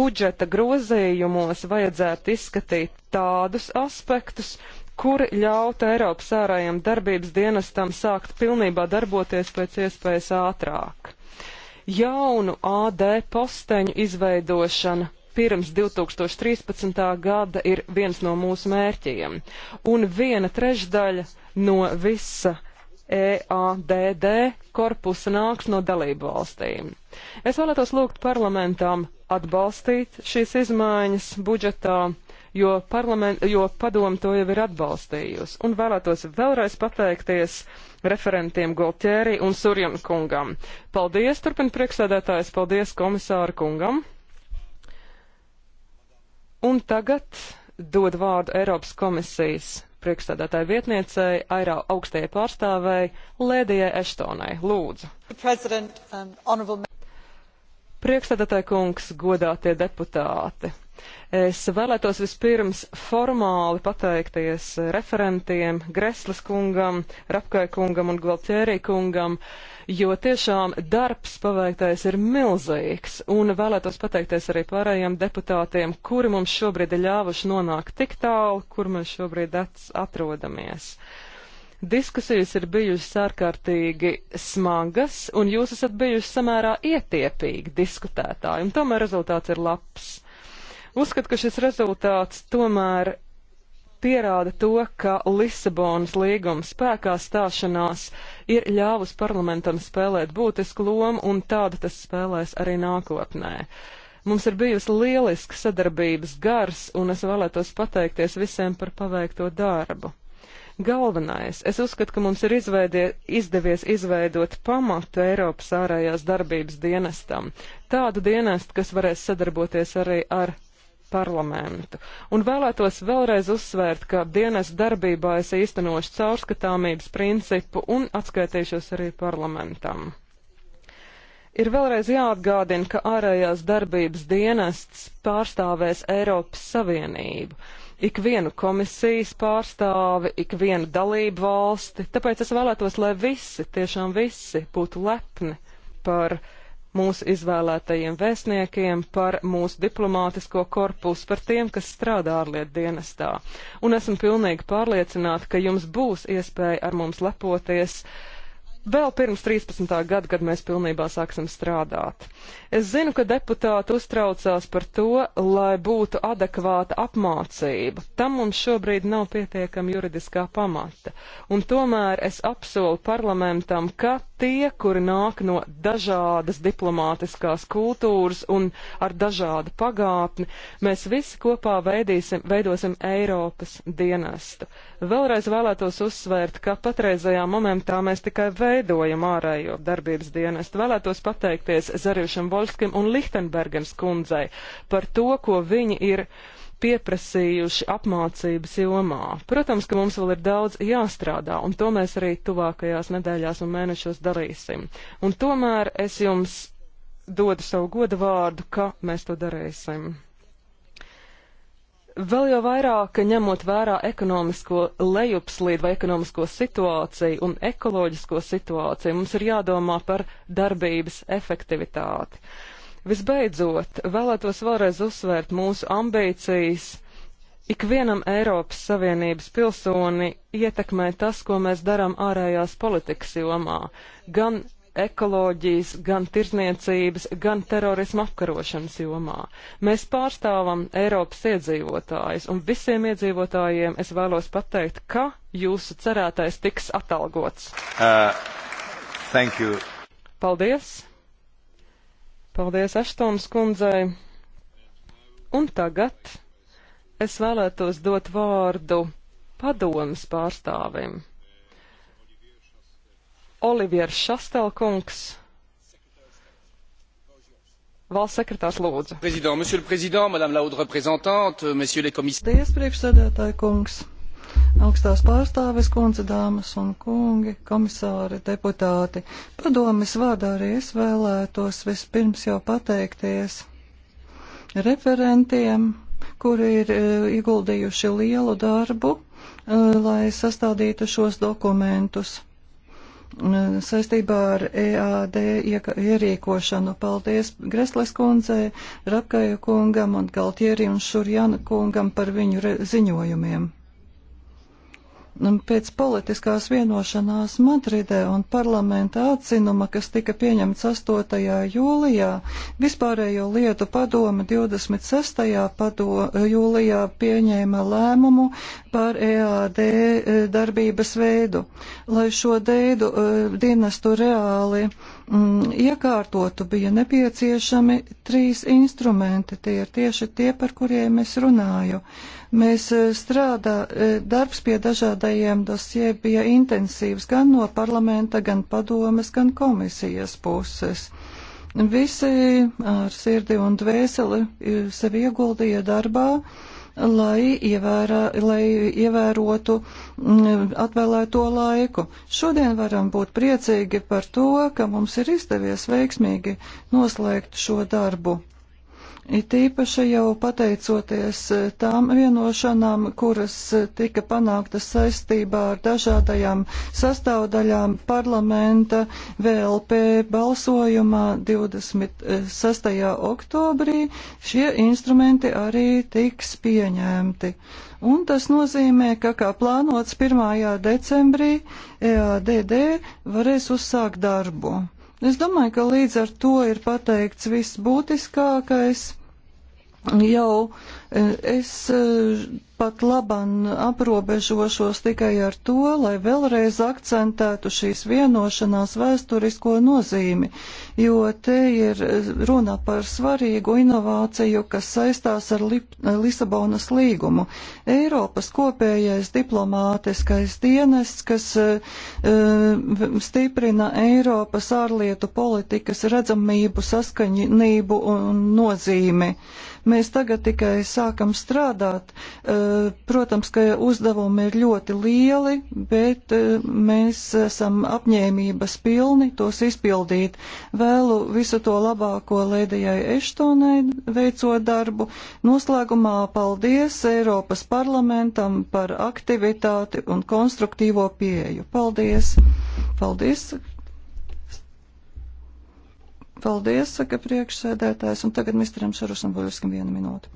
budžeta grozījumos vajadzētu izskatīt tādus aspektus, kuri ļautu Eiropas ārējiem darbības dienestam sākt pilnībā darboties pēc iespējas ātrāk. Jaunu AD posteņu izveidošana pirms 2013. gada ir viens no mūsu mērķiem. Un viena trešdaļa no visa EADD korpusa nāks no dalību valstīm. Es vēlētos lūgt parlamentām atbalstīt šīs izmaiņas budžetā, jo, jo padomu to jau ir atbalstījusi. Un vēlētos vēlreiz pateikties referentiem Golķērī un Surjam kungam. Paldies, turpin priekšsēdētājs, paldies komisāra kungam. Un tagad dod vārdu Eiropas komisijas priekšstādātāja vietniecei, airā augstajai pārstāvēji Lēdijai Eštonai. Lūdzu. Um, honorable... Priekšstādātāja kungs, godātie deputāti. Es vēlētos vispirms formāli pateikties referentiem Greslas kungam, Rapkai kungam un Gvaltierī kungam, jo tiešām darbs paveiktais ir milzīgs, un vēlētos pateikties arī pārējiem deputātiem, kuri mums šobrīd ir ļāvuši nonākt tik tālu, kur mēs šobrīd atrodamies. Diskusijas ir bijušas ārkārtīgi smagas, un jūs esat bijuši samērā ietiepīgi diskutētāji, un tomēr rezultāts ir labs. Uzskatu, ka šis rezultāts tomēr pierāda to, ka Lisabonas līguma spēkā stāšanās ir ļāvusi parlamentam spēlēt būtisku lomu, un tādu tas spēlēs arī nākotnē. Mums ir bijusi lieliska sadarbības gars, un es vēlētos pateikties visiem par paveikto darbu. Galvenais, es uzskatu, ka mums ir izveidie, izdevies izveidot pamatu Eiropas ārējās darbības dienestam. Tādu dienestu, kas varēs sadarboties arī ar parlamentu. Un vēlētos vēlreiz uzsvērt, ka dienas darbībā es īstenošu caurskatāmības principu un atskaitīšos arī parlamentam. Ir vēlreiz jāatgādina, ka ārējās darbības dienests pārstāvēs Eiropas Savienību, ikvienu komisijas pārstāvi, ikvienu dalību valsti, tāpēc es vēlētos, lai visi, tiešām visi, būtu lepni par uh, mūsu izvēlētajiem vēstniekiem, par mūsu diplomātisko korpusu, par tiem, kas strādā ārlietu dienestā. Un esmu pilnīgi pārliecināta, ka jums būs iespēja ar mums lepoties. Vēl pirms 13. gada, kad mēs pilnībā sāksim strādāt. Es zinu, ka deputāti uztraucās par to, lai būtu adekvāta apmācība. Tam mums šobrīd nav pietiekama juridiskā pamata. Un tomēr es apsolu parlamentam, ka tie, kuri nāk no dažādas diplomātiskās kultūras un ar dažādu pagātni, mēs visi kopā veidīsim, veidosim Eiropas dienestu. Vēlreiz vēlētos uzsvērt, ka patreizajā momentā mēs tikai veidojam ārējo darbības dienestu. Vēlētos pateikties Zariušam Volskim un Lichtenbergens kundzei par to, ko viņi ir pieprasījuši apmācības jomā. Protams, ka mums vēl ir daudz jāstrādā, un to mēs arī tuvākajās nedēļās un mēnešos darīsim. Un tomēr es jums dodu savu godu vārdu, ka mēs to darīsim. Vēl jau vairāk ņemot vērā ekonomisko lejupslīdu vai ekonomisko situāciju un ekoloģisko situāciju, mums ir jādomā par darbības efektivitāti. Uh, Visbeidzot, vēlētos vēlreiz uzsvērt mūsu ambīcijas. Ikvienam Eiropas Savienības pilsoni ietekmē tas, ko mēs darām ārējās politikas jomā, gan ekoloģijas, gan tirzniecības, gan terorisma apkarošanas jomā. Mēs pārstāvam Eiropas iedzīvotājus, un visiem iedzīvotājiem es vēlos pateikt, ka jūsu cerētais tiks atalgots. Uh, Paldies! Paldies Aštons kundzei. Un tagad es vēlētos dot vārdu padomas pārstāvim. Olivieris Šastelkungs. Valsts sekretārs lūdzu. Prezident, monsieur le président, madame la haute représentante, monsieur les commissaires. Paldies, priekšsēdētāji kungs augstās pārstāves kundze, dāmas un kungi, komisāri, deputāti. Padomis vārdā arī es vēlētos vispirms jau pateikties referentiem, kuri ir eh, ieguldījuši lielu darbu, eh, lai sastādītu šos dokumentus eh, saistībā ar EAD ierīkošanu. Paldies Gresles kundzei, Rapkaju kungam un Galtieri un Šurjana kungam par viņu ziņojumiem. Pēc politiskās vienošanās Madridē un parlamenta atzinuma, kas tika pieņemts 8. jūlijā, vispārējo lietu padome 26. Pado, jūlijā pieņēma lēmumu par EAD eh, darbības veidu. Lai šo deidu uh, dienestu reāli mm, iekārtotu, bija nepieciešami trīs instrumenti. Tie ir tieši tie, par kuriem es runāju. Mēs eh, strādā, eh, darbs pie dažādajiem dosie bija intensīvs gan no parlamenta, gan padomes, gan komisijas puses. Visi ar sirdi un dvēseli sevi ieguldīja darbā lai, ievērā, lai ievērotu mm, atvēlēto laiku. Šodien varam būt priecīgi par to, ka mums ir izdevies veiksmīgi noslēgt šo darbu. It īpaši jau pateicoties eh, tām vienošanām, kuras eh, tika panāktas saistībā ar dažādajām sastāvdaļām parlamenta VLP balsojumā 26. oktobrī, šie instrumenti arī tiks pieņemti. Un tas nozīmē, ka kā plānots 1. decembrī EADD varēs uzsākt darbu. Es domāju, ka līdz ar to ir pateikts viss būtiskākais jau e, es e, pat laban aprobežošos tikai ar to, lai vēlreiz akcentētu šīs vienošanās vēsturisko nozīmi, jo te ir e, runa par svarīgu inovāciju, kas saistās ar Lip Lisabonas līgumu. Eiropas kopējais diplomātiskais dienests, kas uh, stiprina Eiropas ārlietu politikas redzamību, saskaņinību un nozīmi. Mēs tagad tikai sākam strādāt. Eh, protams, ka uzdevumi ir ļoti lieli, bet eh, mēs esam apņēmības pilni tos izpildīt. Vēlu visu to labāko Lēdijai Eštonai veicot darbu. Noslēgumā paldies Eiropas parlamentam par aktivitāti un konstruktīvo pieeju. Paldies! Paldies! Paldies, saka priekšsēdētājs, un tagad misteram Šarusam Boļuskim vienu minūti.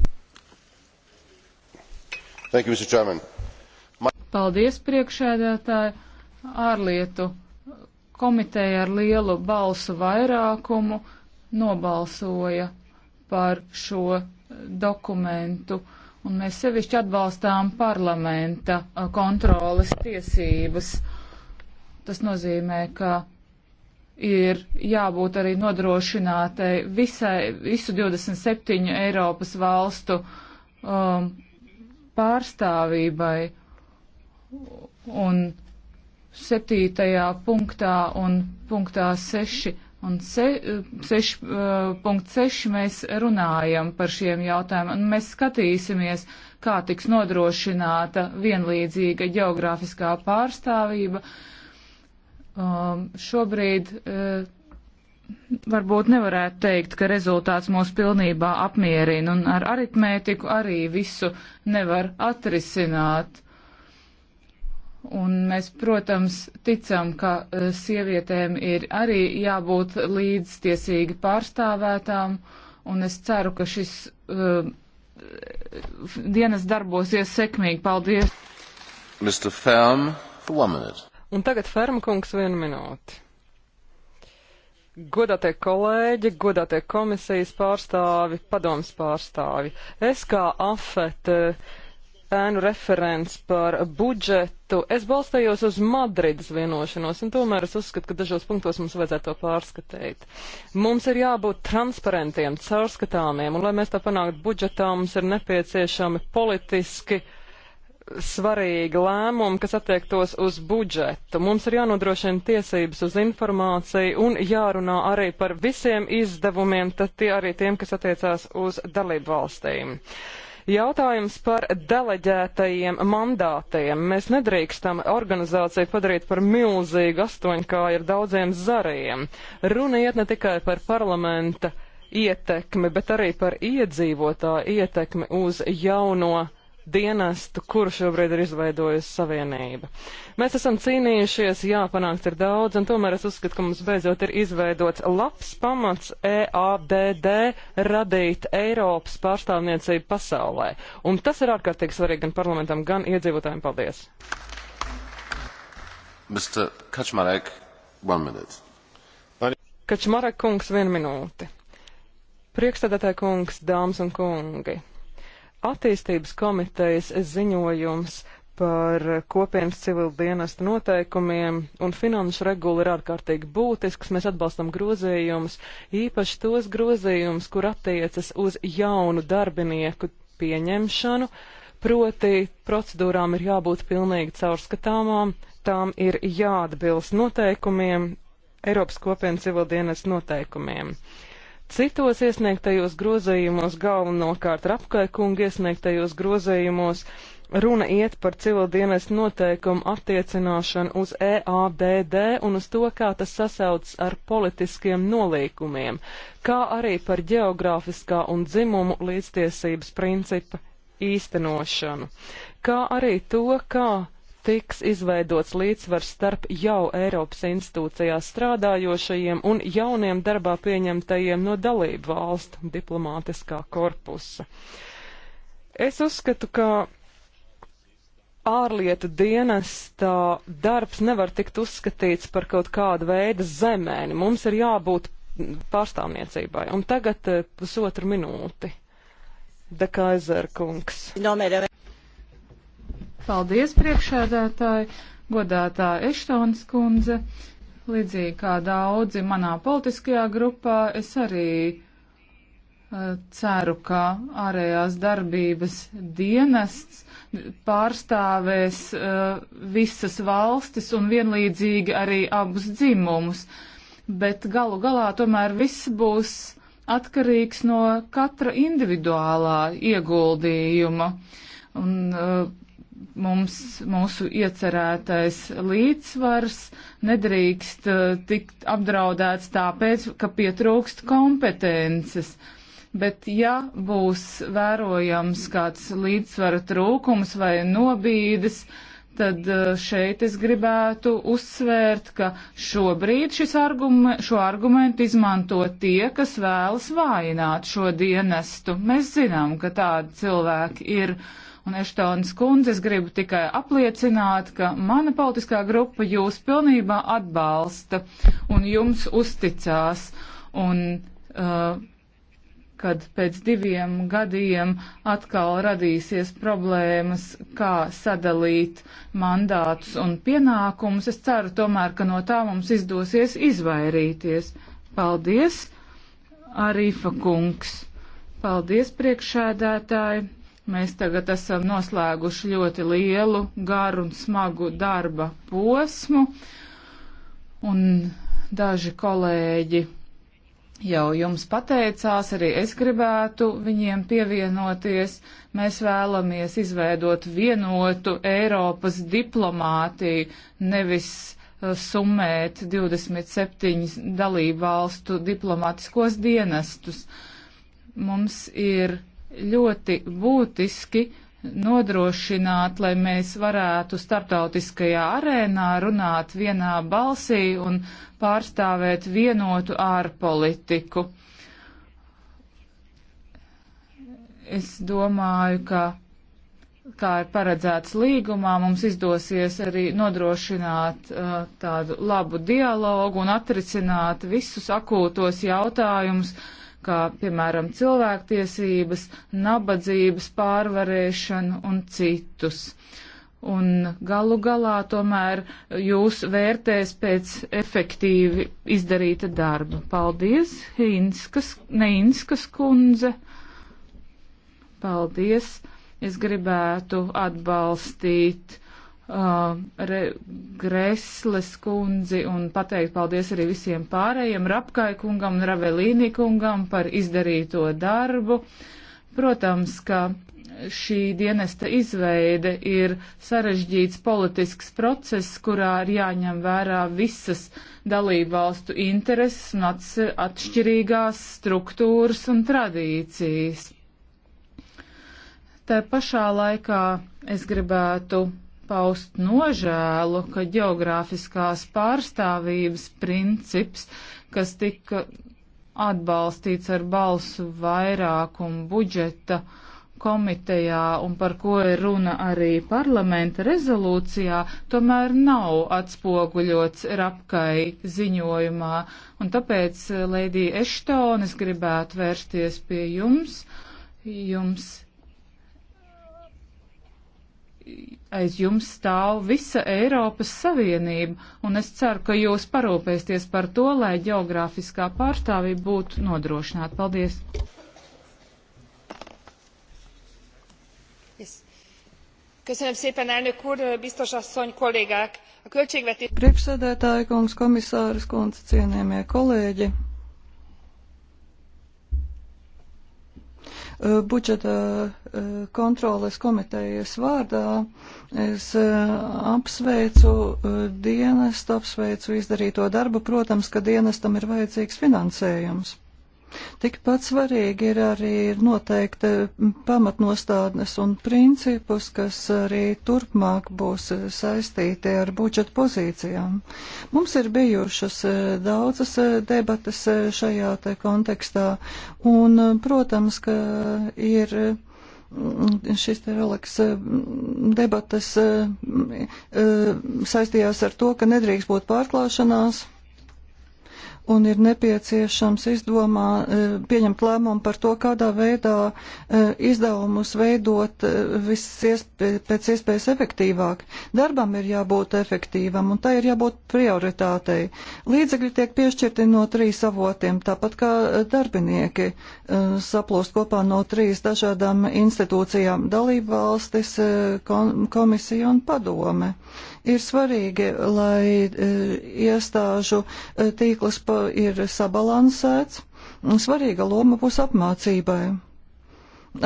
Thank you, Mr. Chairman. My... Paldies, priekšsēdētāji. Ārlietu komiteja ar lielu balsu vairākumu nobalsoja par šo dokumentu. Un mēs sevišķi atbalstām parlamenta kontrolas tiesības. Tas nozīmē, ka ir jābūt arī nodrošinātai visai, visu 27 Eiropas valstu um, pārstāvībai. Un septītajā punktā un punktā 6 un 6.6 uh, mēs runājam par šiem jautājumiem, un mēs skatīsimies, kā tiks nodrošināta vienlīdzīga geogrāfiskā pārstāvība. Uh, um, šobrīd uh, varbūt nevarētu teikt, ka rezultāts mūs pilnībā apmierina, un ar aritmētiku arī visu nevar atrisināt. Un mēs, protams, ticam, ka uh, sievietēm ir arī jābūt līdztiesīgi pārstāvētām, un es ceru, ka šis uh, dienas darbosies sekmīgi. Paldies! Mr. Ferm, for one minute. Un tagad Fermkungs vienu minūti. Godātie kolēģi, godātie komisijas pārstāvi, padomas pārstāvi. Es kā afet eh, ēnu referents par budžetu, es balstējos uz Madridas vienošanos, un tomēr es uzskatu, ka dažos punktos mums vajadzētu to pārskatīt. Mums ir jābūt transparentiem, caurskatāmiem, un lai mēs tā panāktu budžetā, mums ir nepieciešami politiski uh, svarīgi lēmumi, kas attiektos uz budžetu. Mums ir jānodrošina tiesības uz informāciju un jārunā arī par visiem izdevumiem, tad tie arī tiem, kas attiecās uz dalību valstīm. Jautājums par deleģētajiem mandātiem. Mēs nedrīkstam organizāciju padarīt par milzīgu astoņkāju ar daudziem zariem. Runa iet ne tikai par parlamenta ietekmi, bet arī par iedzīvotāju ietekmi uz jauno dienestu, kuru šobrīd ir izveidojusi Savienība. Mēs esam cīnījušies, jā, panākt ir daudz, un tomēr es uzskatu, ka mums beidzot ir izveidots labs pamats EADD radīt Eiropas pārstāvniecību pasaulē. Un tas ir ārkārtīgi svarīgi gan parlamentam, gan iedzīvotājiem. Paldies! Mr. Kačmarek, one minute. Kačmarek kungs, viena minūte. Priekšstādātāja kungs, dāmas un kungi. Attīstības komitejas ziņojums par kopienas civil dienestu noteikumiem un finanšu regula ir ārkārtīgi būtisks. Mēs atbalstam grozījumus, īpaši tos grozījumus, kur attiecas uz jaunu darbinieku pieņemšanu, proti procedūrām ir jābūt pilnīgi caurskatāmām, tām ir jāatbilst noteikumiem, Eiropas kopienas civil dienestu noteikumiem. Uh, Citos iesniegtajos grozējumos, galvenokārt apkaikunga iesniegtajos grozējumos, runa iet par civildienas noteikumu attiecināšanu uz EADD un uz to, kā tas sasauc ar politiskiem nolīkumiem, kā arī par geogrāfiskā un dzimumu līdztiesības principa īstenošanu, kā arī to, kā tiks izveidots līdzsvars starp jau Eiropas institūcijās strādājošajiem un jauniem darbā pieņemtajiem no dalību valstu diplomātiskā korpusa. Es uzskatu, ka ārlietu dienestā darbs nevar tikt uzskatīts par kaut kādu veidu zemēni. Mums ir jābūt pārstāvniecībai. Un tagad eh, pusotru minūti. Dekaizer kungs. Paldies, priekšēdētāji, godātā Eštons kundze. Līdzīgi kā daudzi manā politiskajā grupā, es arī uh, ceru, ka ārējās darbības dienests pārstāvēs uh, visas valstis un vienlīdzīgi arī abus dzimumus. Bet galu galā tomēr viss būs atkarīgs no katra individuālā ieguldījuma. Un, uh, mums, mūsu iecerētais līdzsvars nedrīkst uh, tikt apdraudēts tāpēc, ka pietrūkst kompetences. Bet ja būs vērojams kāds līdzsvara trūkums vai nobīdes, tad uh, šeit es gribētu uzsvērt, ka šobrīd argument, šo argumentu izmanto tie, kas vēlas vājināt šo dienestu. Mēs zinām, ka tādi cilvēki ir Un Eštonas kundze, es gribu tikai apliecināt, ka mana politiskā grupa jūs pilnībā atbalsta un jums uzticās. Un, uh, kad pēc diviem gadiem atkal radīsies problēmas, kā sadalīt mandātus un pienākumus, es ceru tomēr, ka no tā mums izdosies izvairīties. Paldies, Arīfa kungs! Paldies, priekšēdētāji! Mēs tagad esam noslēguši ļoti lielu, garu un smagu darba posmu, un daži kolēģi jau jums pateicās, arī es gribētu viņiem pievienoties. Mēs vēlamies izveidot vienotu Eiropas diplomātiju, nevis uh, summēt 27 dalību valstu diplomatiskos dienestus. Mums ir ļoti būtiski nodrošināt, lai mēs varētu starptautiskajā arēnā runāt vienā balsī un pārstāvēt vienotu ārpolitiku. Es domāju, ka, kā ir paredzēts līgumā, mums izdosies arī nodrošināt uh, tādu labu dialogu un atrisināt visus akūtos jautājumus, uh, kā piemēram cilvēktiesības, nabadzības pārvarēšanu un citus. Un galu galā tomēr jūs vērtēs pēc efektīvi izdarīta darba. Paldies, Inskas, Neinskas kundze. Paldies. Es gribētu atbalstīt uh, Gresles kundzi un pateikt paldies arī visiem pārējiem Rapkai kungam un Ravelīni kungam par izdarīto darbu. Protams, ka šī dienesta izveide ir sarežģīts politisks process, kurā ir jāņem vērā visas dalībvalstu intereses un atšķirīgās struktūras un tradīcijas. Tā pašā laikā es gribētu paust nožēlu, ka geogrāfiskās pārstāvības princips, kas tika atbalstīts ar balsu vairākumu budžeta komitejā un par ko ir runa arī parlamenta rezolūcijā, tomēr nav atspoguļots rapkai ziņojumā. Un tāpēc, eh, Lēdī Eštonis, gribētu vērsties pie jums. Jums aiz jums stāv visa Eiropas Savienība, un es ceru, ka jūs parūpēsties par to, lai geogrāfiskā pārstāvība būtu nodrošināta. Paldies! Köszönöm szépen, elnök úr, biztos asszony, kollégák! A költségvetés... Priekšsēdētāja kungs, komisāris kungs, cienījamie kolēģi! Eh, budžeta eh, kontroles komitejas vārdā es eh, apsveicu dienestu, apsveicu izdarīto darbu. Protams, ka dienestam ir vajadzīgs finansējums. Tikpat svarīgi ir arī noteikti eh, pamatnostādnes un principus, kas arī turpmāk būs eh, saistīti ar budžeta pozīcijām. Mums ir bijušas eh, daudzas debatas šajā te kontekstā, un, protams, ka ir mm, šis te reliks debatas saistījās ar to, ka nedrīkst būt pārklāšanās un ir nepieciešams izdomā, e, pieņemt lēmumu par to, kādā veidā e, izdevumus veidot e, iespē, pēc iespējas efektīvāk. Darbam ir jābūt efektīvam, un tai ir jābūt prioritātei. Līdzekļi tiek piešķirti no trīs avotiem, tāpat kā darbinieki saplūst kopā no trīs dažādām institūcijām - dalību valstis, komisija un padome. Ir svarīgi, lai iestāžu tīklus ir sabalansēts. Svarīga loma būs apmācībai.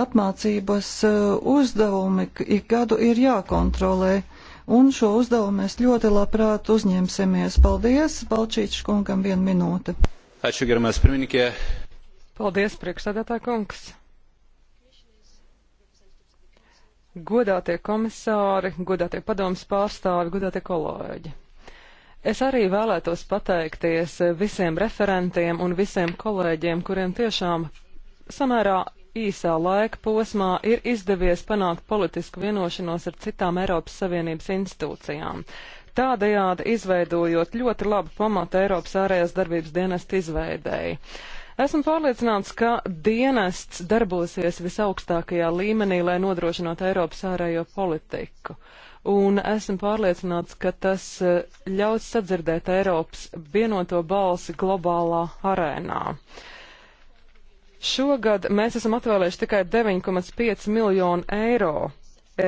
Apmācības e, uzdevumi ik gadu ir jākontrolē, un šo uzdevumu mēs ļoti labprāt uzņemsimies. Paldies, Balčīčs kungam, vienu minūti. Ačiū, gerbiamas pirmininkė. Paldies, priekšsēdētā kungs. Godātie komisāri, godātie padomas pārstāvi, godātie kolēģi. Es arī vēlētos pateikties visiem referentiem un visiem kolēģiem, kuriem tiešām samērā īsā laika posmā ir izdevies panākt politisku vienošanos ar citām Eiropas Savienības institūcijām. Tādējādi izveidojot ļoti labu pamatu Eiropas ārējās darbības dienesta izveidēji. Esmu pārliecināts, ka dienests darbosies visaugstākajā līmenī, lai nodrošinātu Eiropas ārējo politiku. Uh, un esmu pārliecināts, ka tas eh, ļaus sadzirdēt Eiropas vienoto balsi globālā arēnā. Šogad mēs esam atvēlējuši tikai 9,5 miljonu eiro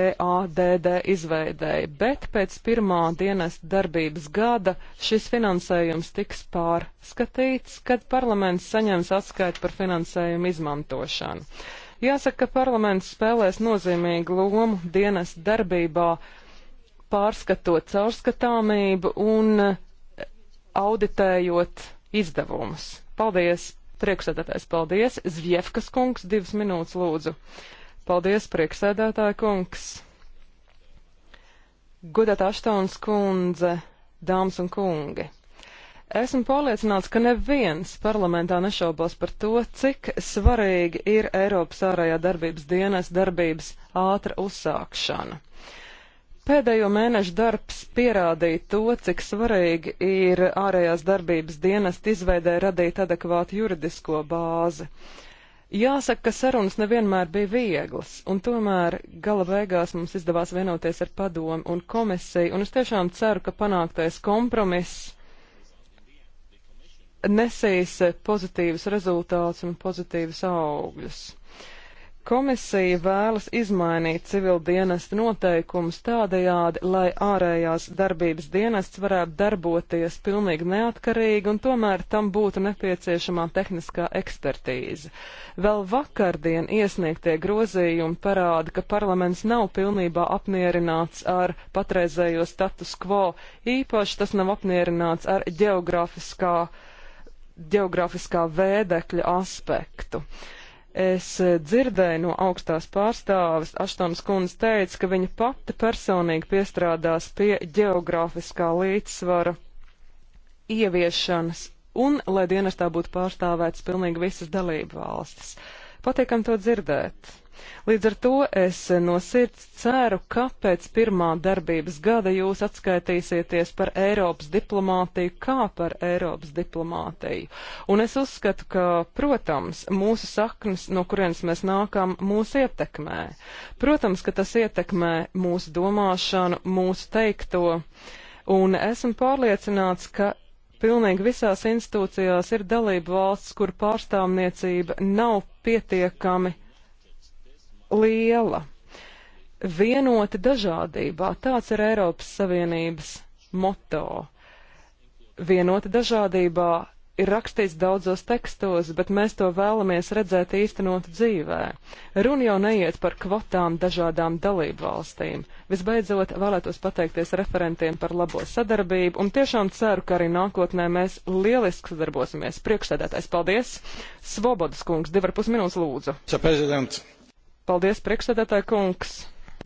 EADD izveidēji, bet pēc pirmā dienas darbības gada šis finansējums tiks pārskatīts, kad parlaments saņems atskaiti par finansējumu izmantošanu. Jāsaka, ka parlaments spēlēs nozīmīgu lomu dienas darbībā, pārskatot caurskatāmību un auditējot izdevumus. Paldies, priekšsēdētājs, paldies. Zviefkas kungs, divas minūtes lūdzu. Paldies, priekšsēdētāja kungs. Godāt Aštons kundze, dāmas un kungi. Esmu pārliecināts, ka neviens parlamentā nešaubos par to, cik svarīgi ir Eiropas ārējā darbības dienas darbības ātra uzsākšana. Pēdējo mēnešu darbs pierādīja to, cik svarīgi ir ārējās darbības dienest izveidē radīt adekvātu juridisko bāzi. Jāsaka, ka sarunas nevienmēr bija vieglas, un tomēr gala beigās mums izdevās vienoties ar padomu un komisiju, un es tiešām ceru, ka panāktais kompromiss nesīs pozitīvus rezultātus un pozitīvus augļus. Komisija vēlas izmainīt civil dienesta noteikumus tādējādi, lai ārējās darbības dienests varētu darboties pilnīgi neatkarīgi un tomēr tam būtu nepieciešamā tehniskā ekspertīze. Vēl vakardien iesniegtie grozījumi parāda, ka parlaments nav pilnībā apmierināts ar patreizējo status quo, īpaši tas nav apmierināts ar geogrāfiskā, geogrāfiskā vēdekļa aspektu. Uh, Es eh, dzirdēju no augstās pārstāvis Aštons kundze teica, ka viņa pati personīgi piestrādās pie geogrāfiskā līdzsvara ieviešanas un, lai dienestā būtu pārstāvētas pilnīgi visas dalību valstis. Patīkam to dzirdēt. Līdz ar to es no sirds ceru, ka pēc pirmā darbības gada jūs atskaitīsieties par Eiropas diplomātiju kā par Eiropas diplomātiju. Un es uzskatu, ka, protams, mūsu saknes, no kurienes mēs nākam, mūs ietekmē. Protams, ka tas ietekmē mūsu domāšanu, mūsu teikto. Un esmu pārliecināts, ka pilnīgi visās institūcijās ir dalība valsts, kur pārstāvniecība nav pietiekami liela. Vienoti dažādībā - tāds ir Eiropas Savienības moto. Vienoti dažādībā ir rakstīts daudzos tekstos, bet mēs to vēlamies redzēt īstenot dzīvē. Runa jau neiet par kvotām dažādām dalību valstīm. Visbeidzot, vēlētos pateikties referentiem par labo sadarbību un tiešām ceru, ka arī nākotnē mēs lieliski sadarbosimies. Priekšsēdētājs, paldies! Svobodas kungs, divarpus minūtes lūdzu. Sir, Paldies, priekšsēdētāja kungs!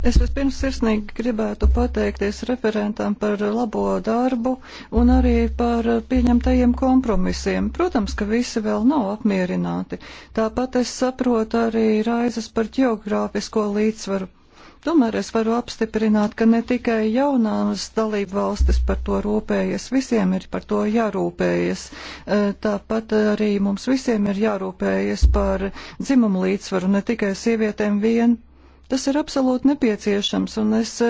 Es vispirms sirsnīgi gribētu pateikties referentam par labo darbu un arī par pieņemtajiem kompromisiem. Protams, ka visi vēl nav apmierināti. Tāpat es saprotu arī raizes par geogrāfisko līdzsvaru. Tomēr es varu apstiprināt, ka ne tikai jaunās dalību valstis par to rūpējas, visiem ir par to jārūpējas. E, tāpat arī mums visiem ir jārūpējas par dzimumu līdzsvaru, ne tikai sievietēm vien. Tas ir absolūti nepieciešams, un es e,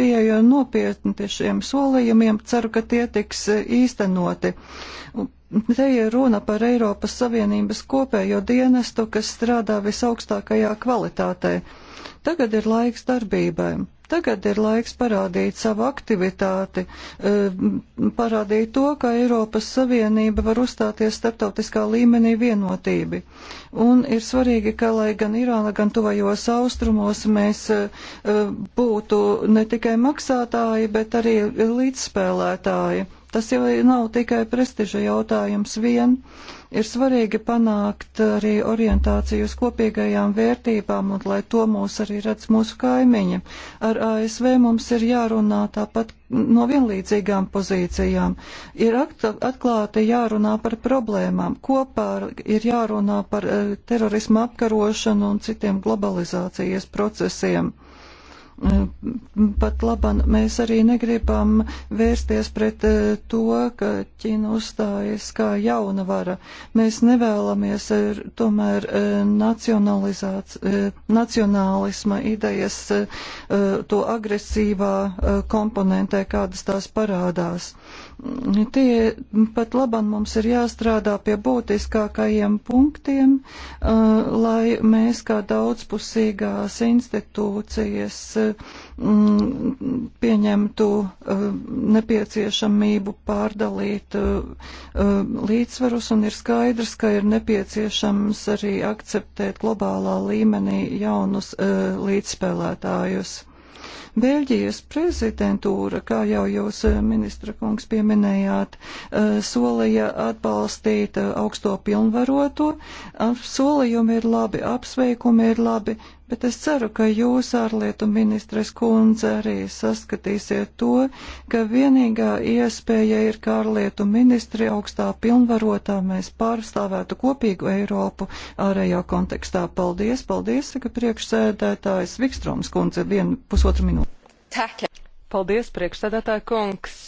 pieeju nopietni pie šiem solījumiem, ceru, ka tie tiks e, īstenoti. Te ir runa par Eiropas Savienības kopējo dienestu, kas strādā visaugstākajā kvalitātē. Tagad ir laiks darbībai. Tagad ir laiks parādīt savu aktivitāti, e, parādīt to, ka Eiropas Savienība var uzstāties starptautiskā līmenī vienotība. Un ir svarīgi, ka lai gan Irāna, gan tuvajos austrumos mēs e, e, būtu ne tikai maksātāji, bet arī līdzspēlētāji. Tas jau nav tikai prestiža jautājums vien. Ir svarīgi panākt arī orientāciju uz kopīgajām vērtībām un lai to mūs arī redz mūsu kaimiņi. Ar ASV mums ir jārunā tāpat no vienlīdzīgām pozīcijām. Ir atklāti jārunā par problēmām. Kopā ir jārunā par eh, terorismu apkarošanu un citiem globalizācijas procesiem. Pat labam mēs arī negribam vērsties pret eh, to, ka Ķīna uzstājas kā jauna vara. Mēs nevēlamies eh, tomēr eh, nacionālisma idejas to agresīvā komponentē, kādas tās parādās. Tie pat labam mums ir jāstrādā pie būtiskākajiem punktiem, uh, lai mēs kā daudzpusīgās institūcijas mm, pieņemtu uh, nepieciešamību pārdalīt uh, līdzsvarus un ir skaidrs, ka ir nepieciešams arī akceptēt globālā līmenī jaunus līdzspēlētājus. Beļģijas prezidentūra, kā jau jūs eh, ministra kungs pieminējāt, eh, solīja atbalstīt eh, augsto pilnvaroto. Solījumi ir labi, apsveikumi ir labi, bet es ceru, ka jūs, ārlietu ministres kundze, arī saskatīsiet to, ka vienīgā iespēja ir, ka ārlietu ministri augstā pilnvarotā mēs pārstāvētu kopīgu Eiropu ārējā kontekstā. Paldies, paldies, saka priekšsēdētājs Vikstroms kundze, vienu pusotru minūti. Paldies, priekšsēdētāja kungs!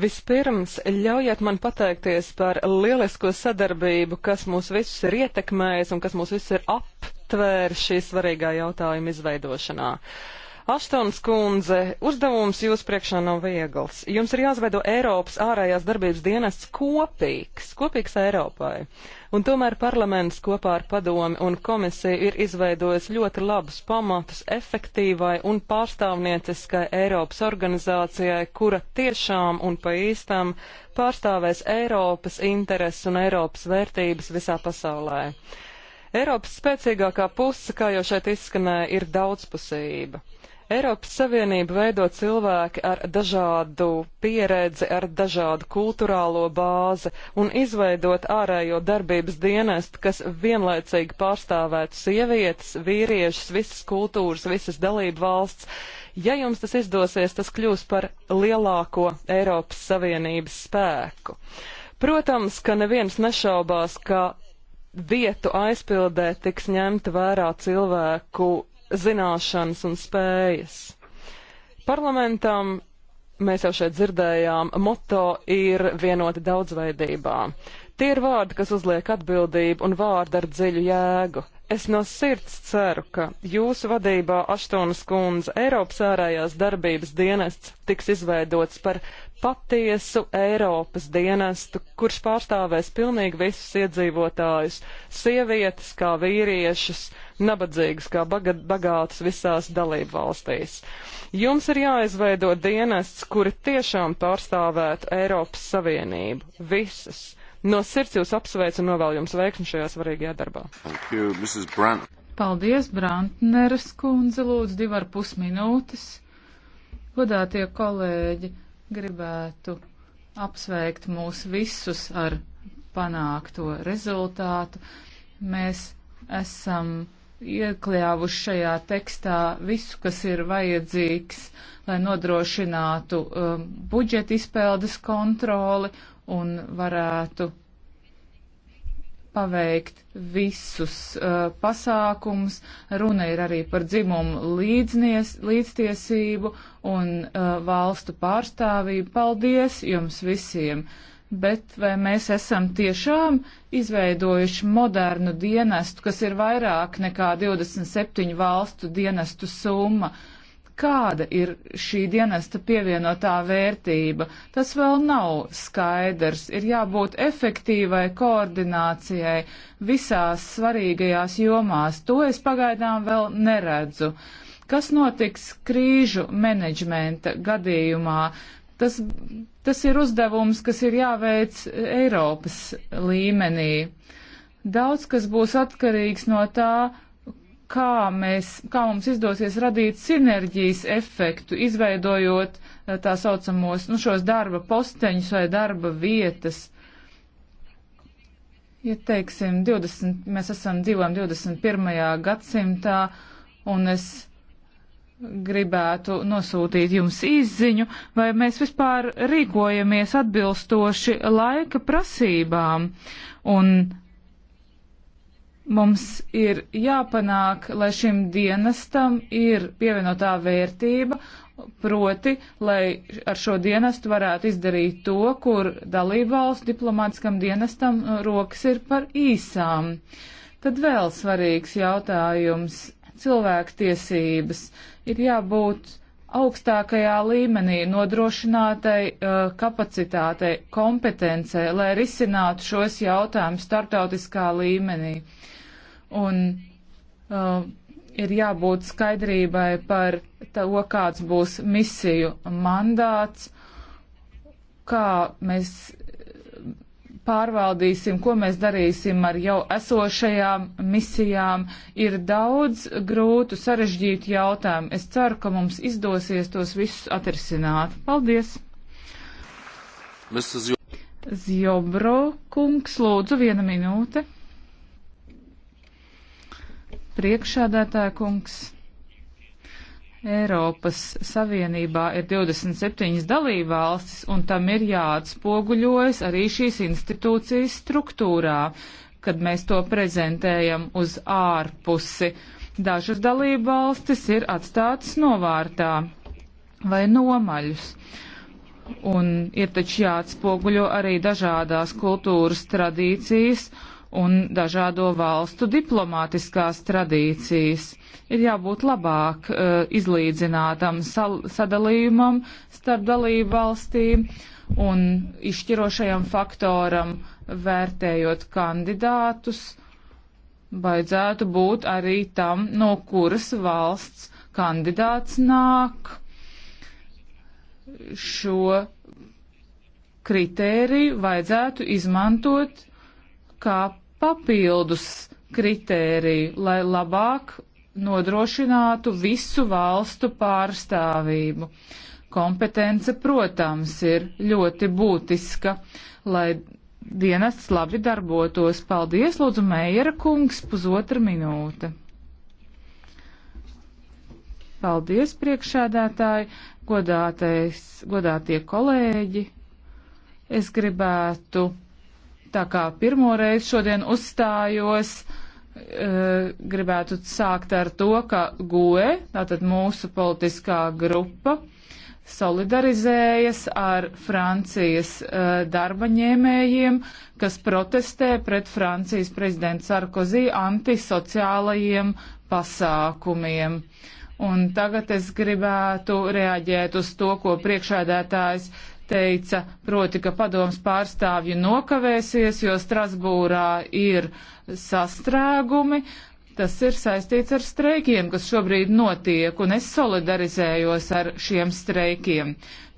Vispirms ļaujiet man pateikties par lielisko sadarbību, kas mūs visus ir ietekmējis un kas mūs visus ir aptvērts atvēra šī svarīgā jautājuma izveidošanā. Aštons kundze, uzdevums jūs priekšā nav viegls. Jums ir jāizveido Eiropas ārējās darbības dienests kopīgs, kopīgs Eiropai. Un tomēr parlaments kopā ar padomi un komisiju ir izveidojis ļoti labus pamatus efektīvai un pārstāvnieciskai Eiropas organizācijai, kura tiešām un pa īstam pārstāvēs Eiropas intereses un Eiropas vērtības visā pasaulē. Eiropas spēcīgākā puse, kā jau šeit izskanēja, ir daudzpusība. Eiropas Savienību veido cilvēki ar dažādu pieredzi, ar dažādu kultūrālo bāzi un izveidot ārējo darbības dienestu, kas vienlaicīgi pārstāvētu sievietes, vīriešus, visas kultūras, visas dalību valsts. Ja jums tas izdosies, tas kļūs par lielāko Eiropas Savienības spēku. Protams, ka neviens nešaubās, ka vietu aizpildē tiks ņemta vērā cilvēku zināšanas un spējas. Parlamentam, mēs jau šeit dzirdējām, moto ir vienoti daudzveidībā. Tie ir vārdi, kas uzliek atbildību un vārdi ar dziļu jēgu. Es no sirds ceru, ka jūsu vadībā Aštonas kundze Eiropas ārējās darbības dienests tiks izveidots par patiesu Eiropas dienestu, kurš pārstāvēs pilnīgi visus iedzīvotājus - sievietes kā vīriešus, nabadzīgas kā bagātas visās dalību valstīs. Jums ir jāizveido dienests, kuri tiešām pārstāvētu Eiropas Savienību, visus No sirds jūs apsveicu un novēlu jums veiksmi šajā svarīgajā darbā. You, Brant. Paldies, Brantneres kundze, lūdzu, divi ar pus minūtes. Godātie kolēģi, gribētu apsveikt mūs visus ar panākto rezultātu. Mēs esam iekļāvuši šajā tekstā visu, kas ir vajadzīgs, lai nodrošinātu um, budžeta izpildes kontroli un varētu paveikt visus uh, pasākums. Runa ir arī par dzimumu līdznies, līdztiesību un uh, valstu pārstāvību. Paldies jums visiem! Bet vai mēs esam tiešām izveidojuši modernu dienestu, kas ir vairāk nekā 27 valstu dienestu summa? Uh, Kāda ir šī dienesta pievienotā vērtība? Tas vēl nav skaidrs. Ir jābūt efektīvai koordinācijai visās svarīgajās jomās. To es pagaidām vēl neredzu. Kas notiks krīžu menedžmenta gadījumā? Tas, tas ir uzdevums, kas ir jāveic Eiropas līmenī. Daudz kas būs atkarīgs no tā, kā, mēs, kā mums izdosies radīt sinerģijas efektu, izveidojot eh, tā saucamos, nu, šos darba posteņus vai darba vietas. Ja teiksim, 20, mēs esam dzīvojam 21. gadsimtā, un es gribētu nosūtīt jums izziņu, vai mēs vispār rīkojamies atbilstoši laika prasībām un Mums ir jāpanāk, lai šim dienestam ir pievienotā vērtība, proti, lai ar šo dienestu varētu izdarīt to, kur dalībvalsts diplomātiskam dienestam uh, rokas ir par īsām. Tad vēl svarīgs jautājums - cilvēktiesības. Ir jābūt augstākajā līmenī nodrošinātai uh, kapacitātei, kompetencei, lai risinātu šos jautājumus starptautiskā līmenī un uh, ir jābūt skaidrībai par to, kāds būs misiju mandāts, kā mēs pārvaldīsim, ko mēs darīsim ar jau esošajām misijām. Ir daudz grūtu, sarežģītu jautājumu. Es ceru, ka mums izdosies tos visus atrisināt. Paldies! Zjobro kungs, lūdzu, viena minūte. Priekšādātāja kungs. Eiropas Savienībā ir 27 dalībvalstis, un tam ir jāatspoguļojas arī šīs institūcijas struktūrā, kad mēs to prezentējam uz ārpusi. Dažas dalībvalstis ir atstātas novārtā vai nomaļus. Un ir taču jāatspoguļo arī dažādās kultūras tradīcijas un dažādo valstu diplomātiskās tradīcijas. Ir jābūt labāk uh, izlīdzinātam sal, sadalījumam starp dalību valstīm un izšķirošajam faktoram vērtējot kandidātus. Baidzētu būt arī tam, no kuras valsts kandidāts nāk šo kritēriju vajadzētu izmantot kā papildus kritēriju, lai labāk nodrošinātu visu valstu pārstāvību. Kompetence, protams, ir ļoti būtiska, lai dienests labi darbotos. Paldies, lūdzu, Meijera kungs, pusotra minūte. Paldies, priekšādātāji, godātais, godātie kolēģi. Es gribētu Tā kā pirmoreiz šodien uzstājos, e, gribētu sākt ar to, ka GOE, tātad mūsu politiskā grupa, solidarizējas ar Francijas e, darba ņēmējiem, kas protestē pret Francijas prezidenta Sarkozī antisociālajiem pasākumiem. Un tagad es gribētu reaģēt uz to, ko priekšēdētājs teica, proti, ka padoms pārstāvji nokavēsies, jo Strasbūrā ir sastrēgumi. Uh, Tas ir saistīts ar streikiem, kas šobrīd notiek, un es solidarizējos ar šiem streikiem.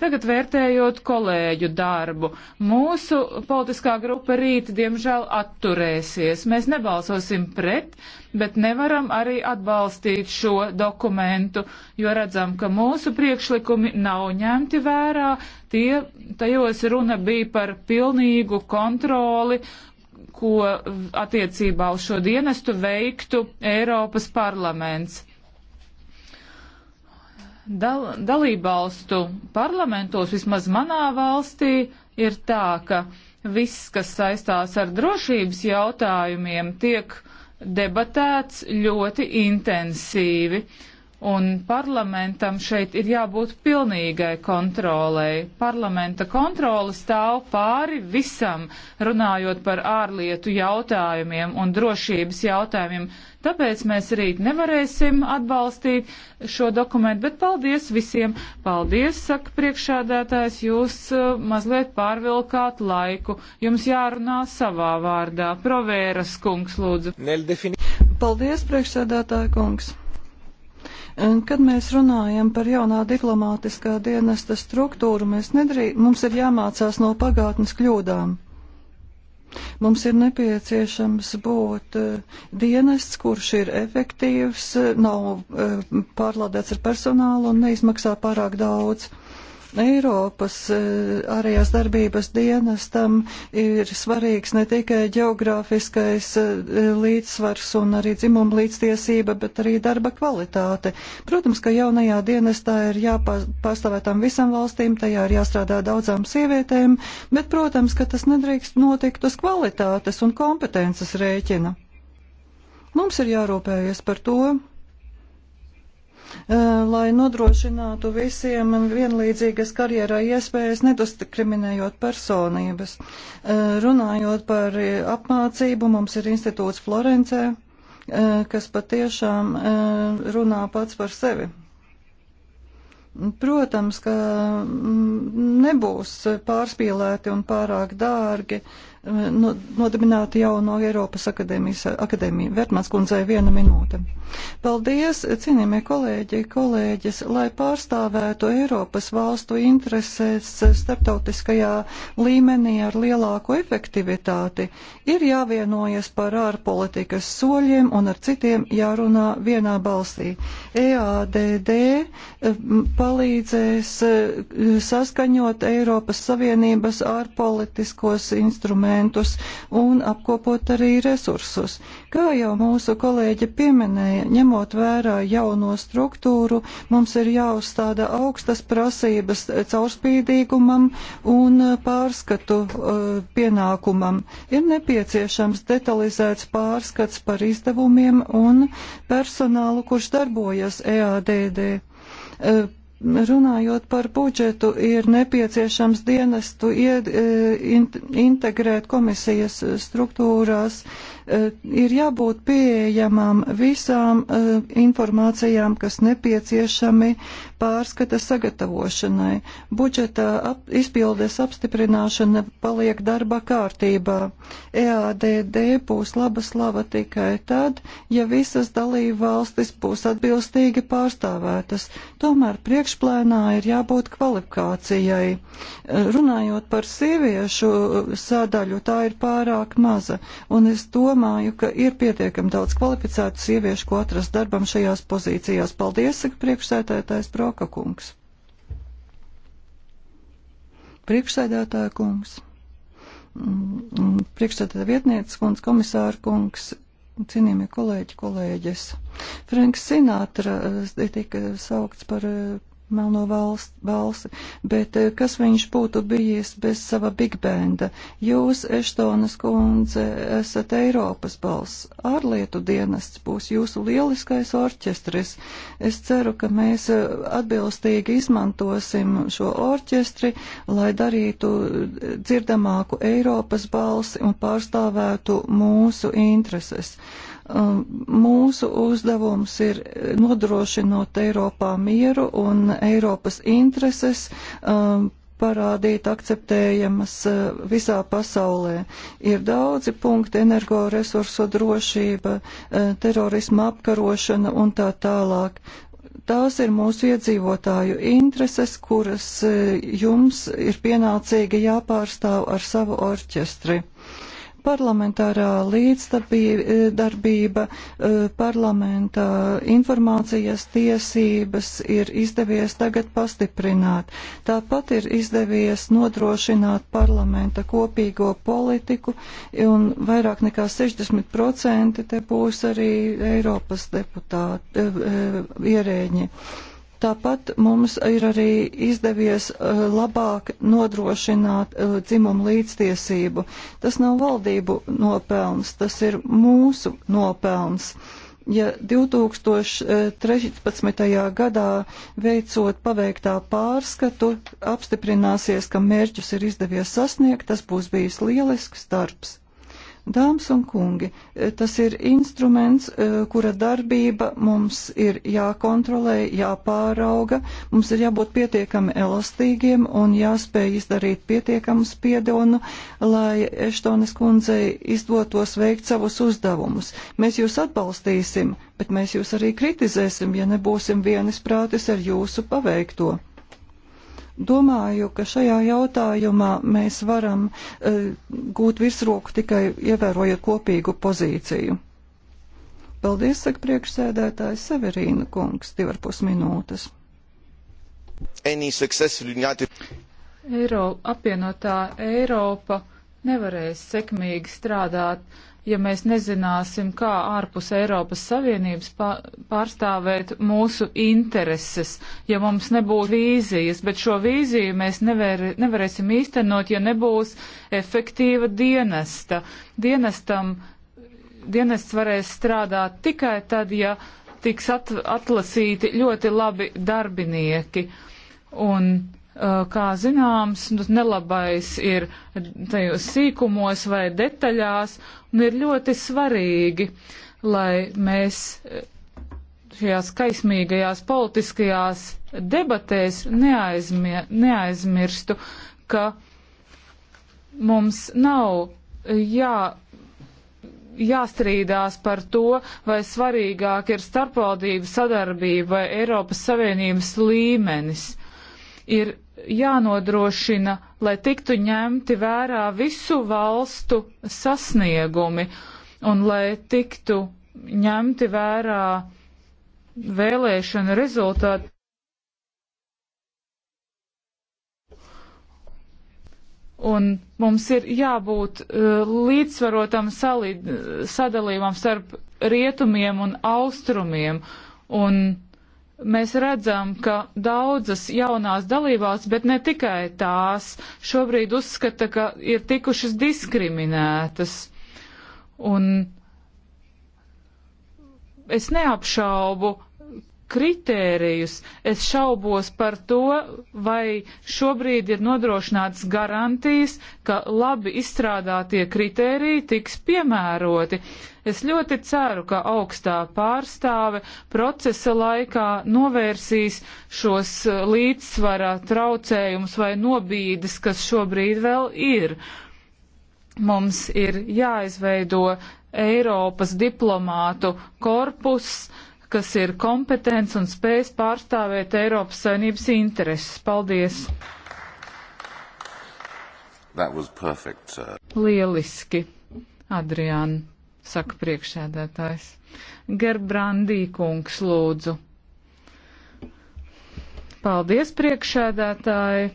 Tagad vērtējot kolēģu darbu, mūsu politiskā grupa rīt, diemžēl, atturēsies. Mēs nebalsosim pret, bet nevaram arī atbalstīt šo dokumentu, jo redzam, ka mūsu priekšlikumi nav ņemti vērā. Tie, tajos runa bija par pilnīgu kontroli ko attiecībā uz šo dienestu veiktu Eiropas parlaments. Dal, dalībvalstu parlamentos, vismaz manā valstī, ir tā, ka viss, kas saistās ar drošības jautājumiem, tiek debatēts ļoti intensīvi. Uh, Un parlamentam šeit ir jābūt pilnīgai kontrolei. Parlamenta kontrole stāv pāri visam, runājot par ārlietu jautājumiem un drošības jautājumiem. Tāpēc mēs rīt nevarēsim atbalstīt šo dokumentu, bet paldies visiem. Paldies, saka priekšādātājs, jūs uh, mazliet pārvilkāt laiku. Jums jārunā savā vārdā. Provēras kungs, lūdzu. Paldies, priekšsēdētāja kungs. Kad mēs runājam par jaunā diplomātiskā dienesta struktūru, mēs nedrī, mums ir jāmācās no pagātnes kļūdām. Mums ir nepieciešams būt uh, dienests, kurš ir efektīvs, nav uh, pārlādēts ar personālu un neizmaksā pārāk daudz. Uh, Eiropas eh, ārējās darbības dienestam ir svarīgs ne tikai geogrāfiskais eh, līdzsvars un arī dzimuma līdztiesība, bet arī darba kvalitāte. Protams, ka jaunajā dienestā ir jāpārstāvētām visam valstīm, tajā ir jāstrādā daudzām sievietēm, bet, protams, ka tas nedrīkst notikt uz kvalitātes un kompetences rēķina. Mums ir jārūpējies par to, Eh, lai nodrošinātu visiem vienlīdzīgas karjerai iespējas, nediskriminējot personības. Eh, runājot par apmācību, mums ir institūts Florencē, eh, kas patiešām runā pats par sevi. Protams, ka mm, nebūs pārspīlēti un pārāk dārgi mm, nodibināti jauno Eiropas akadēmijas akadēmiju. Vertmans kundzei viena minūte. Paldies, cienījamie kolēģi, kolēģis, lai pārstāvētu Eiropas valstu intereses starptautiskajā līmenī ar lielāku efektivitāti, ir jāvienojas par ārpolitikas soļiem un ar citiem jārunā vienā balsī. EADD palīdzēs eh, saskaņot Eiropas Savienības ārpolitiskos instrumentus un apkopot arī resursus. Kā jau mūsu kolēģi pieminēja, ņemot vērā jauno struktūru, mums ir jāuzstāda augstas prasības caurspīdīgumam un pārskatu eh, pienākumam. Ir nepieciešams detalizēts pārskats par izdevumiem un personālu, kurš darbojas EADD. Uh, Runājot par budžetu, ir nepieciešams dienestu e, integrēt komisijas struktūrās. E, ir jābūt pieejamām visām e, informācijām, kas nepieciešami pārskata sagatavošanai. Budžeta ap, izpildes apstiprināšana paliek darba kārtībā. EADD būs laba slava tikai tad, ja visas dalība valstis būs atbilstīgi pārstāvētas. Tomēr priekšplēnā ir jābūt kvalifikācijai. Runājot par sieviešu sadaļu, tā ir pārāk maza, un es domāju, ka ir pietiekami daudz kvalificētu sieviešu, ko atrast darbam šajās pozīcijās. Paldies, saka priekšsētētājs Brok. Broka kungs. Priekšsēdētāja kungs, mm, mm, priekšsēdētāja vietnieces kungs, komisāra kungs, cienījamie kolēģi, kolēģis. Franks Sinatra eh, tika saukts par eh, melno valst, balsi, bet eh, kas viņš būtu bijis bez sava big benda? Jūs, Eštonas kundze, esat Eiropas balss, ārlietu dienests būs jūsu lieliskais orķestris. Es ceru, ka mēs eh, atbilstīgi izmantosim šo orķestri, lai darītu eh, dzirdamāku Eiropas balsi un pārstāvētu mūsu intereses. Uh, Um, mūsu uzdevums ir nodrošinot Eiropā mieru un Eiropas intereses um, parādīt akceptējamas uh, visā pasaulē. Ir daudzi punkti - energoresursu drošība, uh, terorisma apkarošana un tā tālāk tās ir mūsu iedzīvotāju intereses, kuras uh, jums ir pienācīgi jāpārstāv ar savu orķestri parlamentārā līdzdarbība, e, parlamenta informācijas tiesības ir izdevies tagad pastiprināt. Tāpat ir izdevies nodrošināt parlamenta kopīgo politiku, un vairāk nekā 60% te būs arī Eiropas deputāti, e, e, ierēģi. Tāpat mums ir arī izdevies eh, labāk nodrošināt eh, dzimumu līdztiesību. Tas nav valdību nopelns, tas ir mūsu nopelns ja 2013. gadā veicot paveiktā pārskatu apstiprināsies, ka mērķus ir izdevies sasniegt, tas būs bijis lielisks darbs. Dāmas un kungi, eh, tas ir instruments, eh, kura darbība mums ir jākontrolē, jāpārauga, mums ir jābūt pietiekami elastīgiem un jāspēj izdarīt pietiekamu spiedienu, lai Eštonas kundzei izdotos veikt savus uzdevumus. Mēs jūs atbalstīsim, bet mēs jūs arī kritizēsim, ja nebūsim vienisprātis ar jūsu paveikto. Domāju, ka šajā jautājumā mēs varam uh, gūt virsroku tikai ievērojot kopīgu pozīciju. Paldies, saka priekšsēdētājs Severīna kungs, divarpus minūtes. Eiro, apvienotā Eiropa nevarēs sekmīgi strādāt ja mēs nezināsim, kā ārpus Eiropas Savienības pārstāvēt mūsu intereses, ja mums nebūs vīzijas, bet šo vīziju mēs nevar, nevarēsim īstenot, ja nebūs efektīva dienesta. Dienestam, dienests varēs strādāt tikai tad, ja tiks at, atlasīti ļoti labi darbinieki. Un Uh, kā zināms, nelabais ir tajos sīkumos vai detaļās, un ir ļoti svarīgi, lai mēs uh, šajās kaismīgajās politiskajās debatēs neaizmie, neaizmirstu, ka mums nav jā, jāstrīdās par to, vai svarīgāk ir starpvaldību sadarbība vai Eiropas Savienības līmenis. Ir jānodrošina, lai tiktu ņemti vērā visu valstu sasniegumi un lai tiktu ņemti vērā vēlēšana rezultāti. Un mums ir jābūt uh, līdzsvarotam salid, sadalījumam starp rietumiem un austrumiem. Un mēs redzam, ka daudzas jaunās dalībās, bet ne tikai tās, šobrīd uzskata, ka ir tikušas diskriminētas. Un es neapšaubu kritērijus, es šaubos par to, vai šobrīd ir nodrošināts garantijas, ka labi izstrādātie kritēriji tiks piemēroti. Es ļoti ceru, ka augstā pārstāve procesa laikā novērsīs šos eh, līdzsvarā traucējumus vai nobīdes, kas šobrīd vēl ir. Mums ir jāizveido Eiropas diplomātu korpus, uh, kas ir kompetents un spējas pārstāvēt Eiropas Savienības intereses. Paldies! Perfect, sir. Lieliski, Adriāna, saka priekšēdētājs. Gerbrandī kungs lūdzu. Paldies, priekšēdētāji,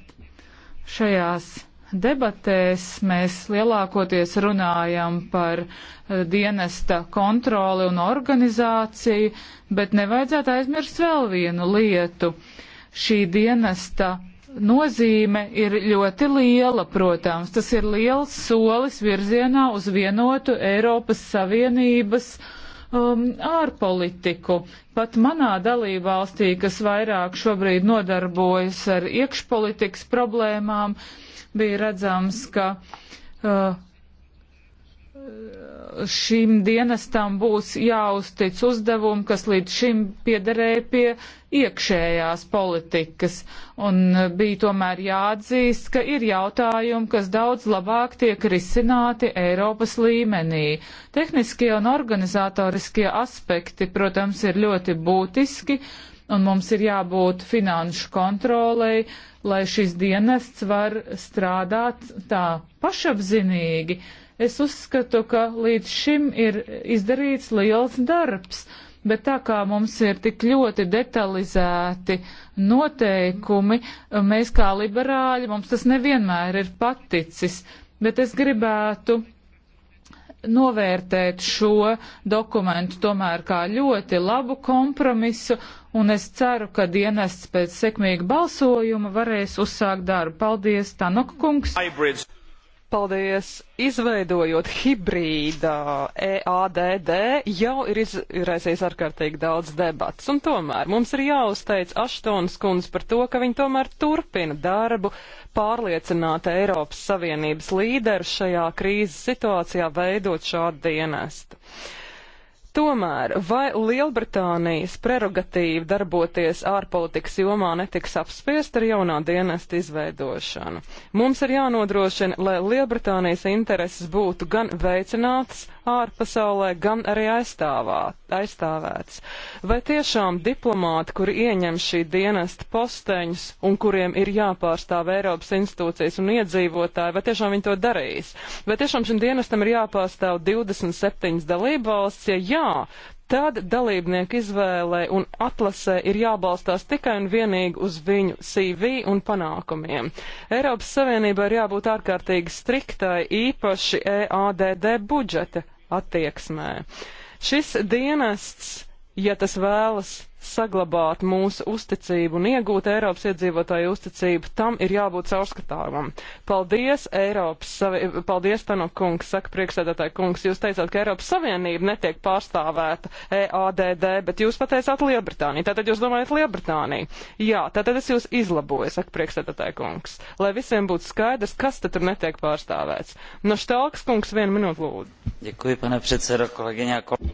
šajās debatēs mēs lielākoties runājam par eh, dienesta kontroli un organizāciju, bet nevajadzētu aizmirst vēl vienu lietu. Šī dienesta nozīme ir ļoti liela, protams. Tas ir liels solis virzienā uz vienotu Eiropas Savienības um, ārpolitiku. Pat manā dalībvalstī, kas vairāk šobrīd nodarbojas ar iekšpolitikas problēmām, uh, bija redzams, ka uh, šim dienestam būs jāuztic uzdevumi, kas līdz šim piederēja pie iekšējās politikas. Un uh, bija tomēr jāatzīst, ka ir jautājumi, kas daudz labāk tiek risināti Eiropas līmenī. Tehniskie un organizatoriskie aspekti, protams, ir ļoti būtiski, un mums ir jābūt finanšu kontrolei, lai šis dienests var strādāt tā pašapzinīgi. Es uzskatu, ka līdz šim ir izdarīts liels darbs, bet tā kā mums ir tik ļoti detalizēti noteikumi, mēs kā liberāļi, mums tas nevienmēr ir paticis, bet es gribētu novērtēt šo dokumentu tomēr kā ļoti labu kompromisu, un es ceru, ka dienests pēc sekmīga balsojuma varēs uzsākt darbu. Paldies, Tanok kungs! Hybrids. Paldies! Izveidojot hibrīdā EADD, jau ir izraisījis ārkārtīgi daudz debats. Un tomēr mums ir jāuzteic Aštonas kundze par to, ka viņi tomēr turpina darbu pārliecināt Eiropas Savienības līderu šajā krīzes situācijā veidot šādu dienestu. Tomēr, vai Lielbritānijas prerogatīva darboties ārpolitikas jomā netiks apspiest ar jaunā dienesta izveidošanu? Mums ir jānodrošina, lai Lielbritānijas intereses būtu gan veicinātas ārpasaulē, gan arī aizstāvā, aizstāvētas. Vai tiešām diplomāti, kuri ieņem šī dienesta posteņus un kuriem ir jāpārstāv Eiropas institūcijas un iedzīvotāji, vai tiešām viņi to darīs? Vai tiešām šim dienestam ir jāpārstāv 27 dalībvalsts? Ja jā, jā, tad dalībnieku izvēlē un atlasē ir jābalstās tikai un vienīgi uz viņu CV un panākumiem. Eiropas Savienībā ir jābūt ārkārtīgi striktai, īpaši EADD budžeta attieksmē. Šis dienests, ja tas vēlas saglabāt mūsu uzticību un iegūt Eiropas iedzīvotāju uzticību, tam ir jābūt caurskatāmam. Paldies, Eiropas, Savi... paldies, Tanok kungs, saka priekšsēdētāji kungs, jūs teicāt, ka Eiropas Savienība netiek pārstāvēta EADD, bet jūs pateicāt Lielbritāniju, tātad jūs domājat Lielbritāniju. Jā, tātad es jūs izlaboju, saka priekšsēdētāji kungs, lai visiem būtu skaidrs, kas tad tur netiek pārstāvēts. No Štelks kungs, vienu minūtu lūdzu.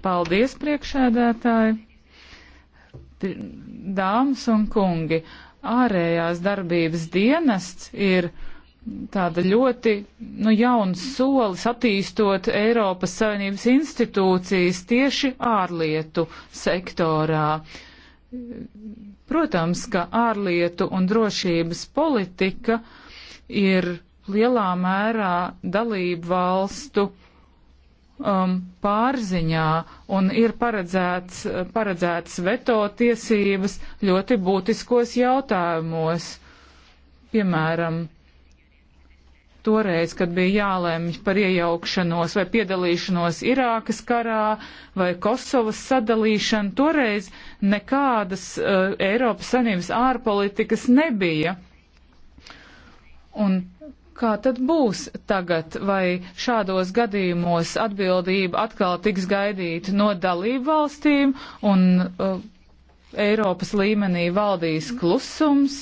Paldies, priekšsēdētāji. Dāmas un kungi, ārējās darbības dienests ir tāda ļoti nu, jauns solis attīstot Eiropas Savienības institūcijas tieši ārlietu sektorā. Protams, ka ārlietu un drošības politika ir lielā mērā dalību valstu um, pārziņā un ir paredzēts, paredzēts veto tiesības ļoti būtiskos jautājumos. Piemēram, toreiz, kad bija jālēmj par iejaukšanos vai piedalīšanos Irākas karā vai Kosovas sadalīšanu, toreiz nekādas uh, Eiropas Savienības ārpolitikas nebija. Un Kā tad būs tagad, vai šādos gadījumos atbildība atkal tiks gaidīta no dalību valstīm un uh, Eiropas līmenī valdīs klusums?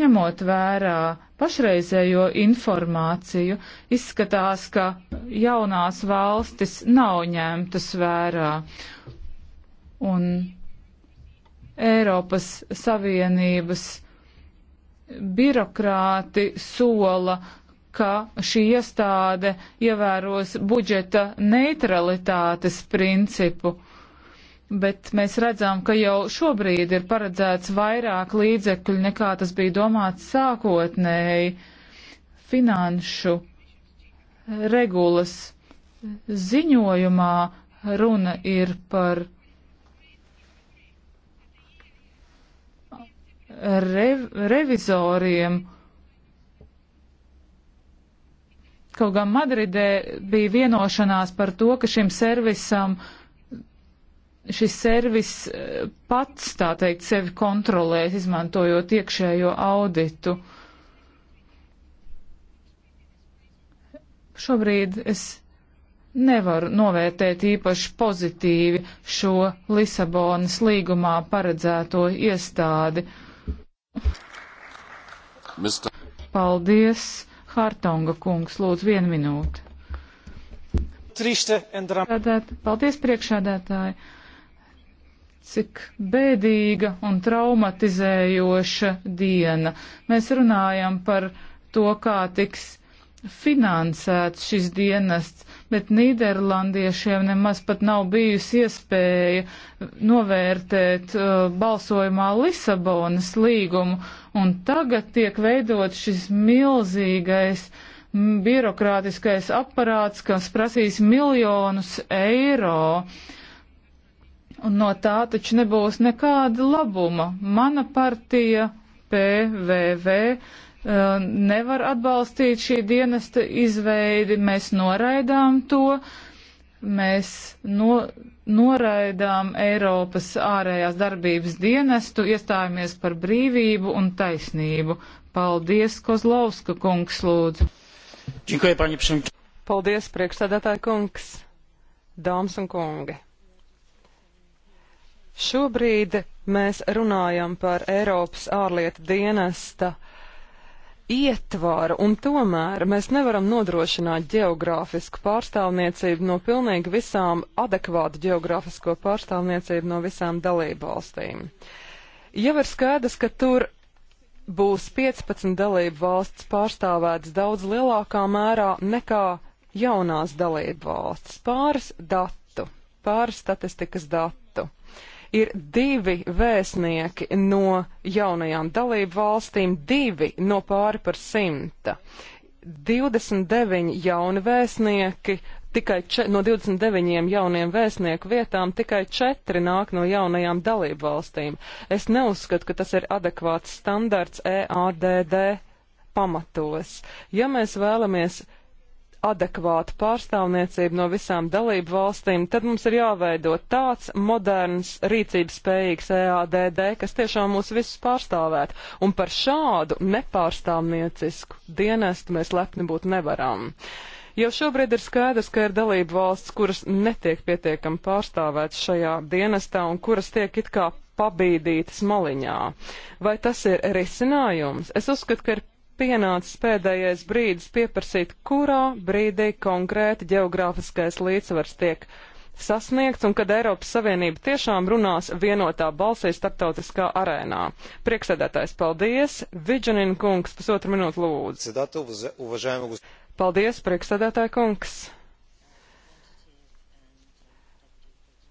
Ņemot vērā pašreizējo informāciju, izskatās, ka jaunās valstis nav ņemtas vērā. Un Eiropas Savienības birokrāti sola, ka šī iestāde ievēros budžeta neutralitātes principu. Bet mēs redzam, ka jau šobrīd ir paredzēts vairāk līdzekļu nekā tas bija domāts sākotnēji. Finanšu regulas ziņojumā runa ir par rev, revizoriem. Kaut gan Madridē bija vienošanās par to, ka šim servisam šis servis eh, pats, tā teikt, sevi kontrolēs, izmantojot iekšējo auditu. Šobrīd es nevaru novērtēt īpaši pozitīvi šo Lisabonas līgumā paredzēto iestādi. Uh, Mister... Paldies, Hartonga kungs, lūdzu, vienu minūti. Paldies, priekšādētāji. Cik bēdīga un traumatizējoša diena. Mēs runājam par to, kā tiks finansēts šis dienests, bet Nīderlandiešiem nemaz pat nav bijusi iespēja novērtēt uh, balsojumā Lisabonas līgumu, un tagad tiek veidot šis milzīgais birokrātiskais aparāts, kas prasīs miljonus eiro. Un no tā taču nebūs nekāda labuma. Mana partija PVV Uh, nevar atbalstīt šī dienesta izveidi, mēs noraidām to, mēs no, noraidām Eiropas ārējās darbības dienestu, iestājāmies par brīvību un taisnību. Paldies, Kozlovska kungs, lūdzu. Paldies, priekšsēdētāja kungs, dāmas un kungi. Šobrīd mēs runājam par Eiropas ārlietu dienesta uh, ietvara, un tomēr mēs nevaram nodrošināt geogrāfisku pārstāvniecību no pilnīgi visām adekvātu geogrāfisko pārstāvniecību no visām dalībvalstīm. Jau ir skaidrs, ka tur būs 15 dalību valsts pārstāvētas daudz lielākā mērā nekā jaunās dalību valsts. Pāris datu, pāris statistikas datu ir divi vēstnieki no jaunajām dalību valstīm, divi no pāri par simta. 29 jauni vēstnieki, tikai če, no 29 jauniem vēstnieku vietām tikai 4 nāk no jaunajām dalību valstīm. Es neuzskatu, ka tas ir adekvāts standarts EADD pamatos. Ja mēs vēlamies adekvātu pārstāvniecību no visām dalību valstīm, tad mums ir jāveido tāds moderns, rīcības spējīgs EADD, kas tiešām mūs visus pārstāvētu. Un par šādu nepārstāvniecisku dienestu mēs lepni būt nevaram. Jau šobrīd ir skaidrs, ka ir dalību valsts, kuras netiek pietiekami pārstāvētas šajā dienestā un kuras tiek it kā pabīdītas maliņā. Vai tas ir risinājums? Es uzskatu, ka ir pienācis pēdējais brīdis pieprasīt, kurā brīdī konkrēti geogrāfiskais līdzsvars tiek sasniegts un kad Eiropas Savienība tiešām runās vienotā balsī starptautiskā arēnā. Prieksēdētājs paldies, Vidžanin kungs, pusotru minūtu lūdzu. Paldies, prieksēdētāja kungs.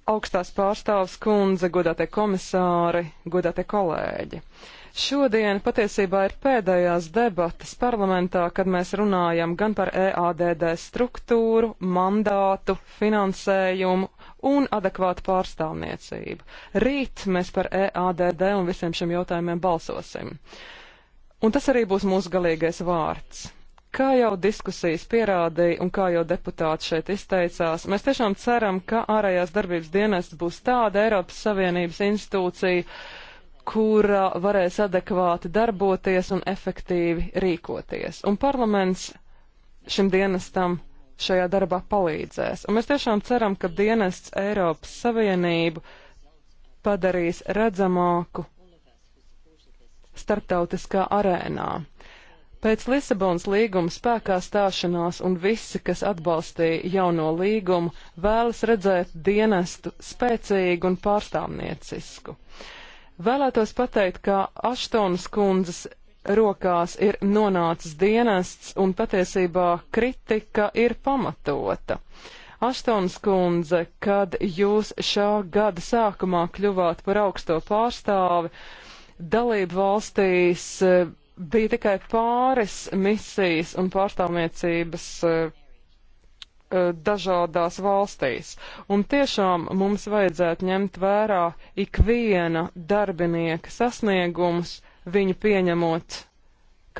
Augstās pārstāvs kundze, godātie komisāri, godātie kolēģi. Uh, Šodien patiesībā ir pēdējās debatas parlamentā, kad mēs runājam gan par EADD struktūru, mandātu, finansējumu un adekvātu pārstāvniecību. Rīt mēs par EADD un visiem šiem jautājumiem balsosim. Un tas arī būs mūsu galīgais vārds. Kā jau diskusijas pierādīja un kā jau deputāti šeit izteicās, mēs tiešām ceram, ka ārējās darbības dienests būs tāda Eiropas Savienības institūcija, kura uh, varēs adekvāti darboties un efektīvi rīkoties. Un parlaments šim dienestam šajā darbā palīdzēs. Un mēs tiešām ceram, ka dienests Eiropas Savienību padarīs redzamāku starptautiskā arēnā. Pēc Lisabonas līguma spēkā stāšanās un visi, kas atbalstīja jauno līgumu, vēlas redzēt dienestu spēcīgu un pārstāvniecisku. Uh, Vēlētos pateikt, ka Aštonas kundzes rokās ir nonācis dienests un patiesībā kritika ir pamatota. Aštons kundze, kad jūs šā gada sākumā kļuvāt par augsto pārstāvi, dalību valstīs eh, bija tikai pāris misijas un pārstāvniecības eh, E, dažādās valstīs. Un tiešām mums vajadzētu ņemt vērā ikviena darbinieka sasniegumus, viņu pieņemot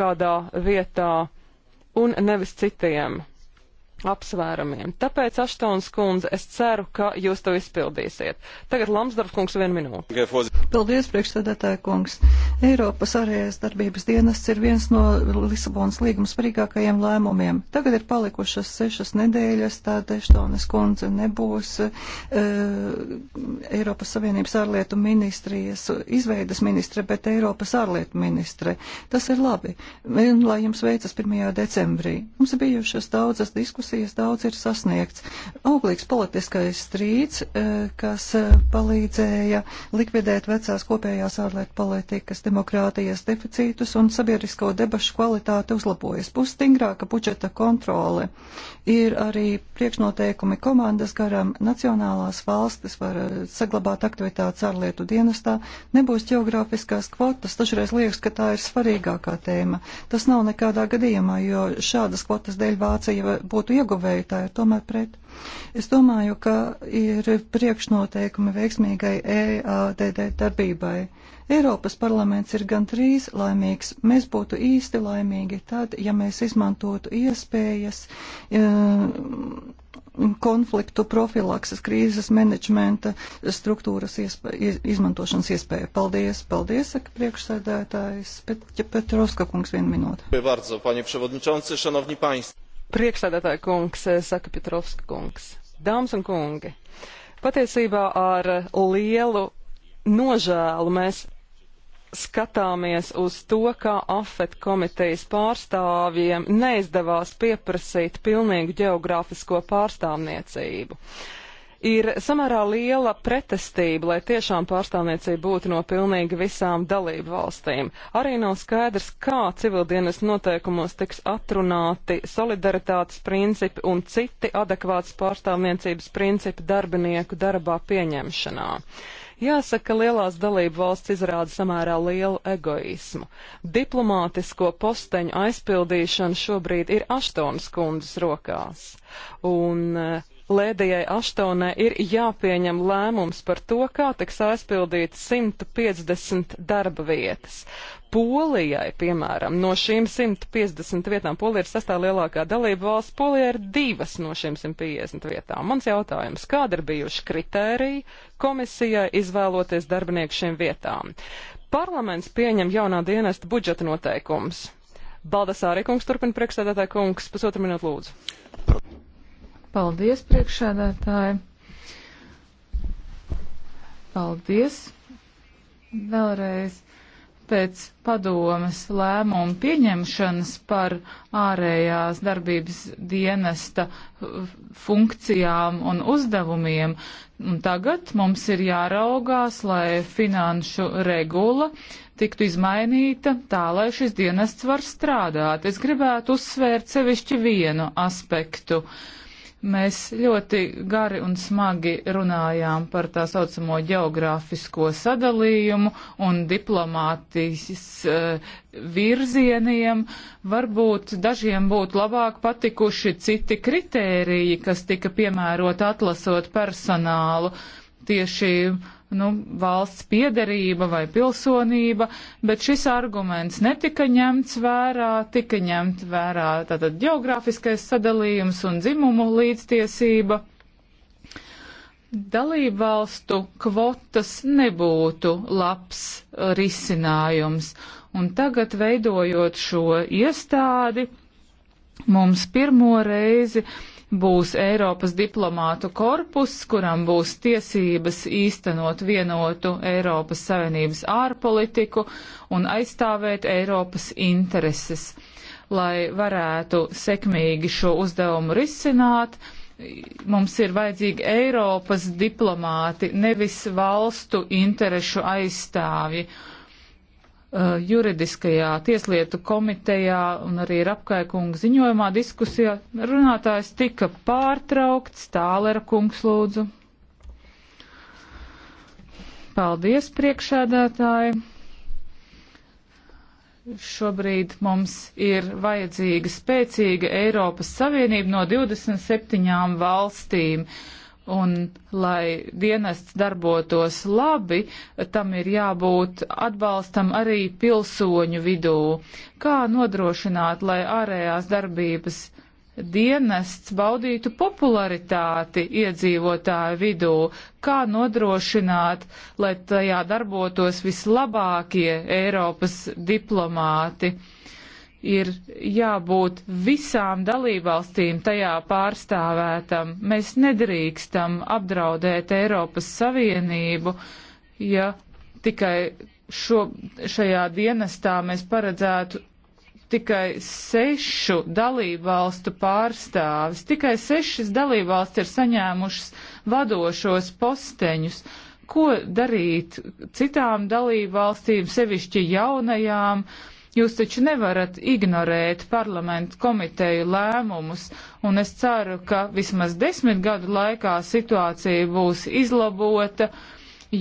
kādā vietā un nevis citiem apsvērumiem. Tāpēc, Aštons kundze, es ceru, ka jūs to izpildīsiet. Tagad Lamsdorf kungs vienu minūti. Paldies, priekšsēdētāja kungs. Eiropas arējais darbības dienests ir viens no Lisabonas līgums svarīgākajiem lēmumiem. Tagad ir palikušas sešas nedēļas, tad Aštonas kundze nebūs e, Eiropas Savienības ārlietu ministrijas izveidas ministre, bet Eiropas ārlietu ministre. Tas ir labi. Lai jums veicas 1. decembrī. Mums ir bijušas daudzas diskusijas diskusijas daudz ir sasniegts. Auglīgs politiskais strīds, eh, kas eh, palīdzēja likvidēt vecās kopējās ārlietu politikas demokrātijas deficītus un sabiedrisko debašu kvalitāti uzlabojas. Pusstingrāka budžeta kontrole ir arī priekšnoteikumi komandas garam nacionālās valstis var eh, saglabāt aktivitātes ārlietu dienestā, nebūs geogrāfiskās kvotas, tačreiz liekas, ka tā ir svarīgākā tēma. Tas nav nekādā gadījumā, jo šādas kvotas dēļ Vācija būtu ieguvēju, tā ir tomēr pret. Es domāju, ka ir priekšnoteikumi veiksmīgai EADD darbībai. Eiropas parlaments ir gan trīs laimīgs. Mēs būtu īsti laimīgi tad, ja mēs izmantotu iespējas e, konfliktu profilakses krīzes menedžmenta struktūras iespēja, izmantošanas iespēja. Paldies, paldies, saka priekšsēdētājs. Pet, Petrovska kungs, vienu minūtu. Dziękuję bardzo, panie przewodniczący, szanowni państwo. Priekšstādātāja kungs, eh, saka Pietrovska kungs. Dāmas un kungi, patiesībā ar lielu nožēlu mēs skatāmies uz to, kā AFET komitejas pārstāvjiem neizdevās pieprasīt pilnīgu geogrāfisko pārstāvniecību. Uh, ir samērā liela pretestība, lai tiešām pārstāvniecība būtu no pilnīgi visām dalību valstīm. Arī nav skaidrs, kā civildienas noteikumos tiks atrunāti solidaritātes principi un citi adekvātas pārstāvniecības principi darbinieku darbā pieņemšanā. Jāsaka, lielās dalību valsts izrāda samērā lielu egoismu. Diplomātisko posteņu aizpildīšana šobrīd ir Aštonas kundzes rokās. Un, uh, Lēdijai Aštonai ir jāpieņem lēmums par to, kā tiks aizpildīt 150 darba vietas. Polijai, piemēram, no šīm 150 vietām, Polija ir sastā lielākā dalība valsts, Polija ir divas no šīm 150 vietām. Mans jautājums, kāda ir bijuši kritērija komisijai izvēloties darbinieku šīm vietām? Parlaments pieņem jaunā dienesta budžeta noteikumus. Baldasāri kungs turpina priekšsēdētāja kungs, pusotru minūtu lūdzu. Paldies, priekšsēdētāji. Paldies. Vēlreiz pēc padomas lēmumu pieņemšanas par ārējās darbības dienesta funkcijām un uzdevumiem. Un tagad mums ir jāraugās, lai finanšu regula tiktu izmainīta tā, lai šis dienests var strādāt. Es gribētu uzsvērt sevišķi vienu aspektu. Uh, Mēs ļoti gari un smagi runājām par tā saucamo geogrāfisko sadalījumu un diplomātijas uh, virzieniem. Varbūt dažiem būtu labāk patikuši citi kritēriji, kas tika piemērot atlasot personālu tieši nu, valsts piederība vai pilsonība, bet šis arguments netika ņemts vērā, tika ņemt vērā tātad geogrāfiskais sadalījums un dzimumu līdztiesība. Dalībvalstu kvotas nebūtu labs risinājums, un tagad veidojot šo iestādi, mums pirmo reizi uh, būs Eiropas diplomātu korpus, kuram būs tiesības īstenot vienotu Eiropas Savienības ārpolitiku un aizstāvēt Eiropas intereses. Lai varētu sekmīgi šo uzdevumu risināt, mums ir vajadzīgi Eiropas diplomāti, nevis valstu interešu aizstāvji uh, juridiskajā tieslietu komitejā un arī rapkaikunga ziņojumā diskusijā runātājs tika pārtraukts. Tālera kungs lūdzu. Paldies, priekšēdētāji. Šobrīd mums ir vajadzīga spēcīga Eiropas Savienība no 27 valstīm. Uh, Un, lai dienests darbotos labi, tam ir jābūt atbalstam arī pilsoņu vidū. Kā nodrošināt, lai ārējās darbības dienests baudītu popularitāti iedzīvotāju vidū? Kā nodrošināt, lai tajā darbotos vislabākie Eiropas diplomāti? Uh, ir jābūt visām dalībvalstīm tajā pārstāvētam. Mēs nedrīkstam apdraudēt Eiropas Savienību, ja tikai šo, šajā dienestā mēs paredzētu tikai sešu dalībvalstu pārstāvis. Tikai sešas dalībvalsts ir saņēmušas vadošos posteņus. Ko darīt citām dalībvalstīm, sevišķi jaunajām? Uh, Jūs taču nevarat ignorēt parlamentu komiteju lēmumus, un es ceru, ka vismaz desmit gadu laikā situācija būs izlabota,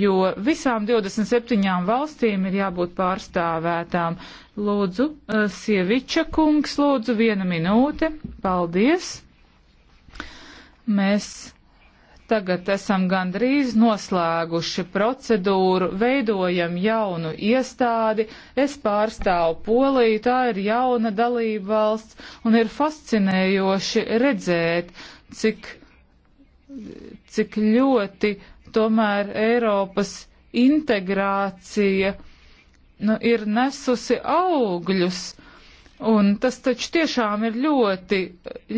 jo visām 27 valstīm ir jābūt pārstāvētām. Lūdzu, eh, Sieviča kungs, lūdzu, viena minūte. Paldies! Mēs Tagad esam gandrīz noslēguši procedūru, veidojam jaunu iestādi. Es pārstāvu Poliju, tā ir jauna dalība valsts, un ir fascinējoši redzēt, cik, cik ļoti tomēr Eiropas integrācija nu, ir nesusi augļus Un tas taču tiešām ir ļoti,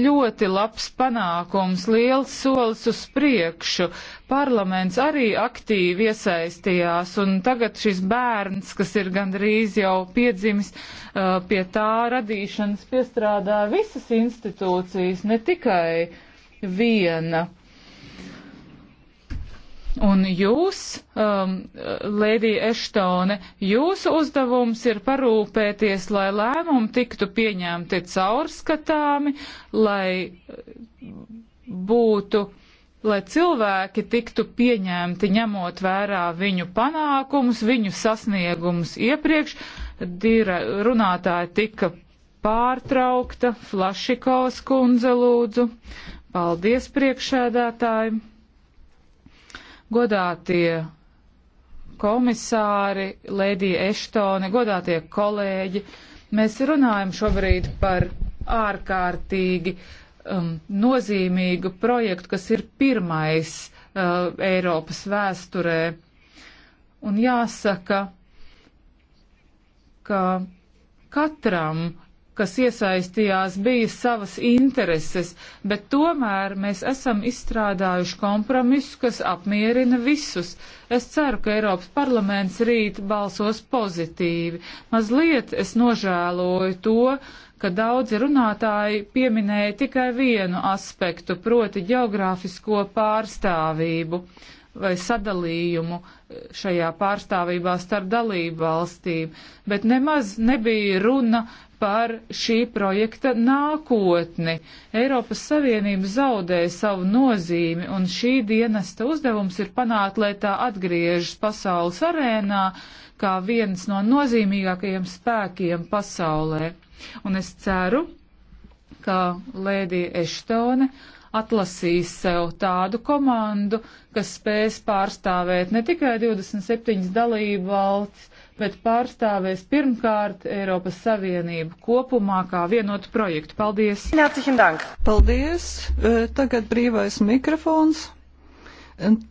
ļoti labs panākums, liels solis uz priekšu. Parlaments arī aktīvi iesaistījās, un tagad šis bērns, kas ir gandrīz jau piedzimis, uh, pie tā radīšanas piestrādā visas institūcijas, ne tikai viena. Un jūs, um, Lēdija Eštone, jūsu uzdevums ir parūpēties, lai lēmumi tiktu pieņemti caurskatāmi, lai uh, būtu, lai cilvēki tiktu pieņemti ņemot vērā viņu panākumus, viņu sasniegumus iepriekš. Dira, runātāja tika pārtraukta, Flašikovs kundze lūdzu. Paldies priekšēdētājiem! godātie komisāri, Lēdija Eštone, godātie kolēģi, mēs runājam šobrīd par ārkārtīgi um, nozīmīgu projektu, kas ir pirmais uh, Eiropas vēsturē. Un jāsaka, ka katram kas iesaistījās, bija savas intereses, bet tomēr mēs esam izstrādājuši kompromisu, kas apmierina visus. Es ceru, ka Eiropas parlaments rīt balsos pozitīvi. Mazliet es nožēloju to, ka daudzi runātāji pieminēja tikai vienu aspektu, proti geogrāfisko pārstāvību vai sadalījumu šajā pārstāvībā starp dalību valstīm, bet nemaz nebija runa par šī projekta nākotni. Eiropas Savienība zaudēja savu nozīmi, un šī dienesta uzdevums ir panākt, lai tā atgriežas pasaules arēnā kā viens no nozīmīgākajiem spēkiem pasaulē. Un es ceru, ka Lēdija Eštone atlasīs sev tādu komandu, kas spēs pārstāvēt ne tikai 27 dalību valsts, bet pārstāvēs pirmkārt Eiropas Savienotību kopumā kā vienotu projektu. Paldies! Paldies! Eh, tagad brīvais mikrofons.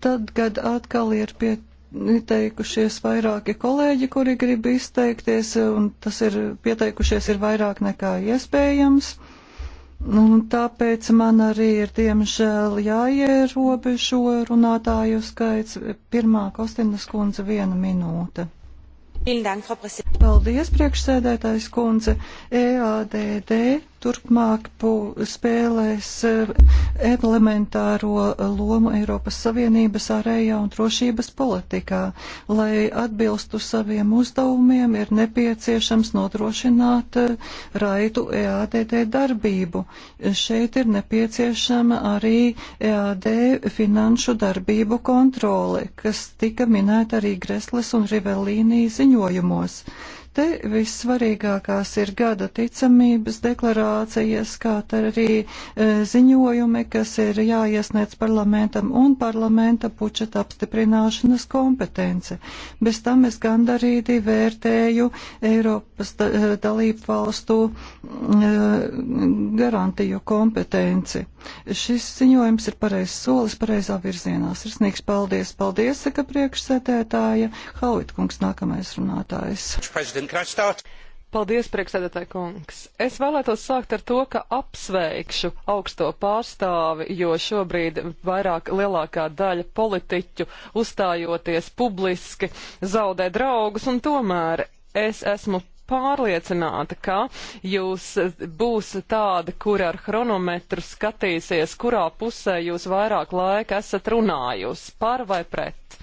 Tad, kad atkal ir pie pieteikušies vairāki kolēģi, kuri grib izteikties, eh, un tas ir pieteikušies ir vairāk nekā iespējams. Un tāpēc man arī ir diemžēl jāierobežo runātāju skaits. Pirmā Kostinas kundze viena minūte. Paldies, priekšsēdētājs kundze. EADD turpmāk spēlēs eh, elementāro lomu Eiropas Savienības ārējā un drošības politikā. Lai atbilstu saviem uzdevumiem, ir nepieciešams nodrošināt eh, raitu EADD darbību. Šeit ir nepieciešama arī EAD finanšu darbību kontrole, kas tika minēta arī Gresles un Rivellīnī ziņojumos. Te vissvarīgākās ir gada ticamības deklarācijas, kā arī e, ziņojumi, kas ir jāiesniedz parlamentam un parlamenta pučeta apstiprināšanas kompetence. Bez tam es gandarīti vērtēju Eiropas da, e, dalību valstu e, garantiju kompetenci. Šis ziņojums ir pareizs solis pareizā virzienā. Sirsnīgs paldies! Paldies, saka priekšsēdētāja. Hauitkungs nākamais runātājs. President. Paldies, priekšsēdētāji kungs. Es vēlētos sākt ar to, ka apsveikšu augsto pārstāvi, jo šobrīd vairāk lielākā daļa politiķu uzstājoties publiski zaudē draugus, un tomēr es esmu pārliecināta, ka jūs būs tāda, kur ar chronometru skatīsies, kurā pusē jūs vairāk laika esat runājusi, par vai pret.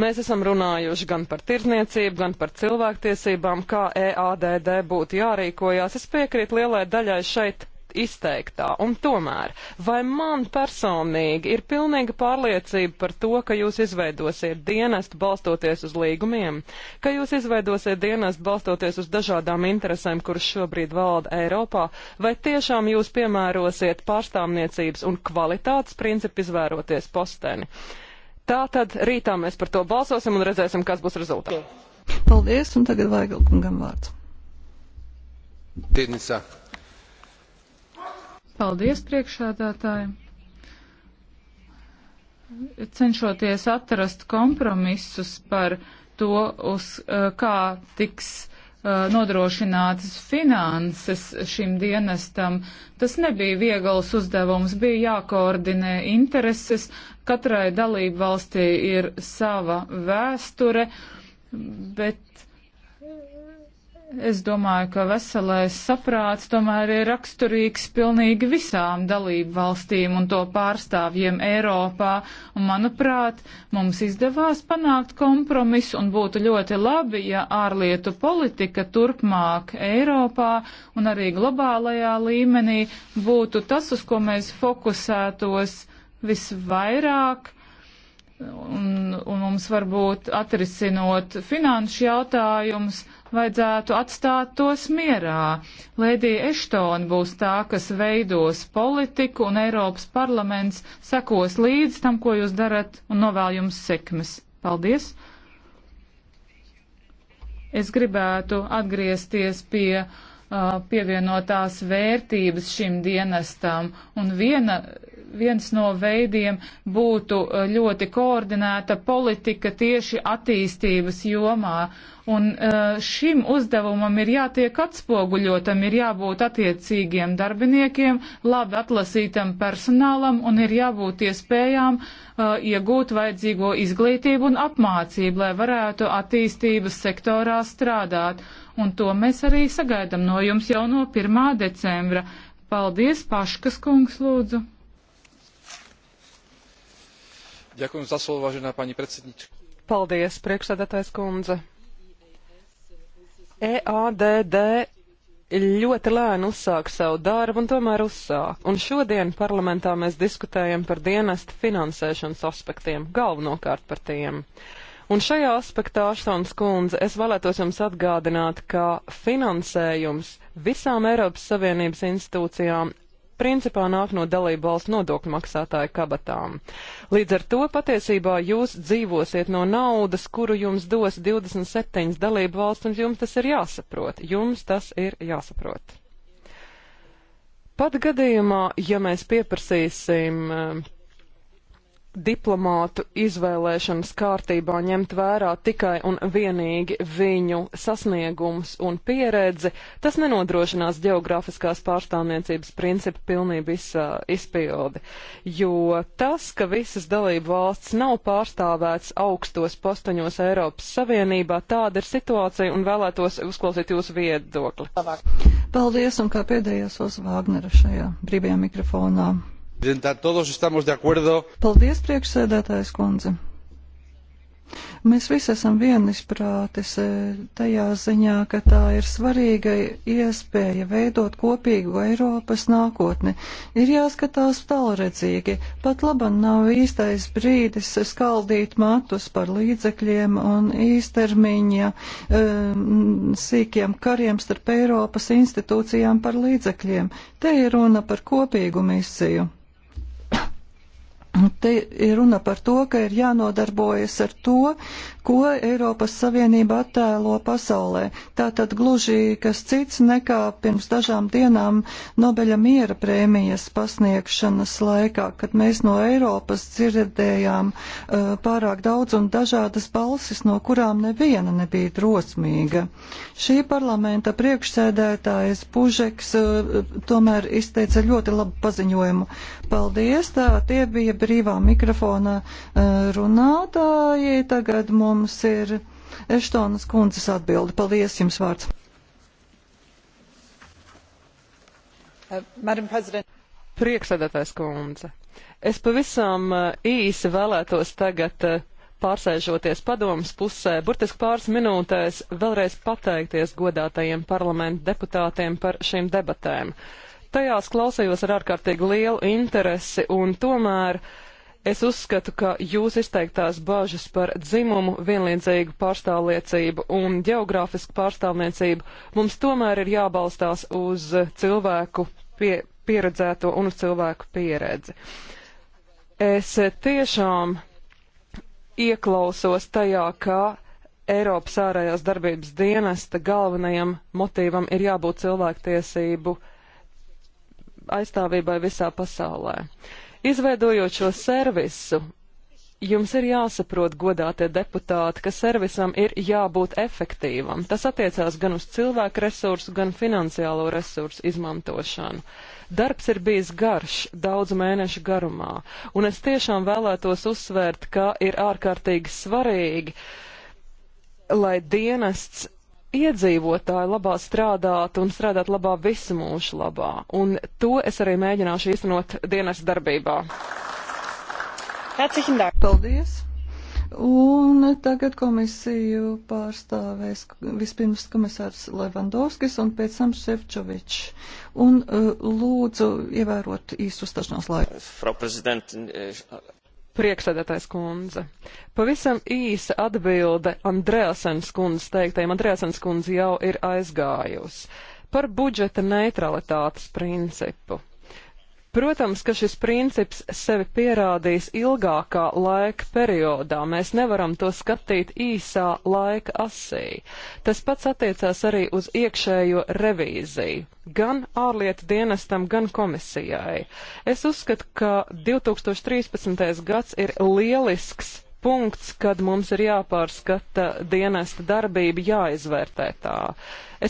Mēs esam runājuši gan par tirzniecību, gan par cilvēktiesībām, kā EADD būtu jārīkojās. Es piekrītu lielai daļai šeit izteiktā. Un tomēr, vai man personīgi ir pilnīga pārliecība par to, ka jūs izveidosiet dienestu balstoties uz līgumiem, ka jūs izveidosiet dienestu balstoties uz dažādām interesēm, kuras šobrīd valda Eiropā, vai tiešām jūs piemērosiet pārstāvniecības un kvalitātes principu izvēroties posteni? Tā tad rītā mēs par to balsosim un redzēsim, kāds būs rezultāts. Paldies, un tagad vajag kungam vārds. Tirnisā. Paldies, priekšādātāji! Cenšoties atrast kompromisus par to, uz eh, kā tiks eh, nodrošinātas finanses šim dienestam. Tas nebija viegls uzdevums, bija jākoordinē intereses, katrai dalību valstī ir sava vēsture, bet Es domāju, ka veselais saprāts tomēr ir raksturīgs pilnīgi visām dalību valstīm un to pārstāvjiem Eiropā, un manuprāt, mums izdevās panākt kompromisu un būtu ļoti labi, ja ārlietu politika turpmāk Eiropā un arī globālajā līmenī būtu tas, uz ko mēs fokusētos visvairāk un, un mums varbūt atrisinot finanšu jautājumus, vajadzētu atstāt tos mierā. Lēdija Eštona būs tā, kas veidos politiku un Eiropas parlaments sekos līdz tam, ko jūs darat un novēl jums sekmes. Paldies! Es gribētu atgriezties pie uh, pievienotās vērtības šim dienestam un viena viens no veidiem būtu uh, ļoti koordinēta politika tieši attīstības jomā. Un uh, šim uzdevumam ir jātiek atspoguļotam, ir jābūt attiecīgiem darbiniekiem, labi atlasītam personālam un ir jābūt iespējām uh, iegūt vajadzīgo izglītību un apmācību, lai varētu attīstības sektorā strādāt. Un to mēs arī sagaidām no jums jau no 1. decembra. Paldies, Paškas kungs, lūdzu! Paldies, priekšsēdētājs kundze. EADD ļoti lēni uzsāk savu darbu un tomēr uzsāk. Un šodien parlamentā mēs diskutējam par dienestu finansēšanas aspektiem, galvenokārt par tiem. Un šajā aspektā, Aštons kundze, es vēlētos jums atgādināt, ka finansējums visām Eiropas Savienības institūcijām principā nāk no dalību valsts nodokļu maksātāju kabatām. Līdz ar to patiesībā jūs dzīvosiet no naudas, kuru jums dos 27 dalību valsts, un jums tas ir jāsaprot. Jums tas ir jāsaprot. Pat gadījumā, ja mēs pieprasīsim eh, diplomātu izvēlēšanas kārtībā ņemt vērā tikai un vienīgi viņu sasniegumus un pieredzi, tas nenodrošinās geogrāfiskās pārstāvniecības principu pilnību izpildi, jo tas, ka visas dalību valsts nav pārstāvēts augstos postaņos Eiropas Savienībā, tāda ir situācija un vēlētos uzklausīt jūsu viedokli. Paldies un kā pēdējais uz Vāgnera šajā brīvajā mikrofonā. Paldies, priekšsēdētājs kundze. Mēs visi esam vienisprātis e, tajā ziņā, ka tā ir svarīga iespēja veidot kopīgu Eiropas nākotni. Ir jāskatās tālredzīgi, pat laban nav īstais brīdis skaldīt matus par līdzekļiem un īstermiņa um, sīkiem kariem starp Eiropas institūcijām par līdzekļiem. Te ir runa par kopīgu misiju. Nu, te ir runa par to, ka ir jānodarbojas ar to, ko Eiropas Savienība attēlo pasaulē. Tā tad gluži kas cits nekā pirms dažām dienām Nobeļa miera prēmijas pasniegšanas laikā, kad mēs no Eiropas dzirdējām uh, pārāk daudz un dažādas balsis, no kurām neviena nebija drosmīga. Šī parlamenta priekšsēdētājs Pužeks uh, tomēr izteica ļoti labu paziņojumu. Paldies! Tā, tie bija brīdī brīvā mikrofona eh, runātāji. Tagad mums ir Eštonas kundzes atbildi. Paldies, jums vārds. Uh, Prieksēdētājs kundze, es pavisam uh, īsi vēlētos tagad uh, pārsēžoties padomas pusē, burtiski pāris minūtēs vēlreiz pateikties godātajiem parlamentu deputātiem par šīm debatēm. Uh, Tajās klausējos ar ārkārtīgi lielu interesi, un tomēr es uzskatu, ka jūs izteiktās bažas par dzimumu, vienlīdzīgu pārstāvniecību un geogrāfisku pārstāvniecību mums tomēr ir jābalstās uz cilvēku pie, pieredzēto un uz cilvēku pieredzi. Es tiešām ieklausos tajā, ka Eiropas ārējās darbības dienesta galvenajam motīvam ir jābūt cilvēktiesību aizstāvībai visā pasaulē. Izveidojot šo servisu, jums ir jāsaprot, godātie deputāti, ka servisam ir jābūt efektīvam. Tas attiecās gan uz cilvēku resursu, gan finansiālo resursu izmantošanu. Darbs ir bijis garš, daudz mēnešu garumā, un es tiešām vēlētos uzsvērt, ka ir ārkārtīgi svarīgi, lai dienests iedzīvotāju labā strādāt un strādāt labā visu mūžu labā. Un to es arī mēģināšu īstenot dienas darbībā. Paldies! Un tagad komisiju pārstāvēs vispirms komisārs Levandovskis un pēc tam Šefčovičs. Un uh, lūdzu ievērot īstu stašanās laiku. Frau Prezident, äh, Priekšsēdētājs kundze. Pavisam īsa atbilde Andrēsens kundzes teiktajiem. Andrēsens kundze jau ir aizgājusi par budžeta neutralitātes principu. Protams, ka šis princips sevi pierādīs ilgākā laika periodā. Mēs nevaram to skatīt īsā laika asī. Tas pats attiecās arī uz iekšējo revīziju, gan ārlietu dienestam, gan komisijai. Es uzskatu, ka 2013. gads ir lielisks punkts, kad mums ir jāpārskata dienesta darbība, jāizvērtē tā.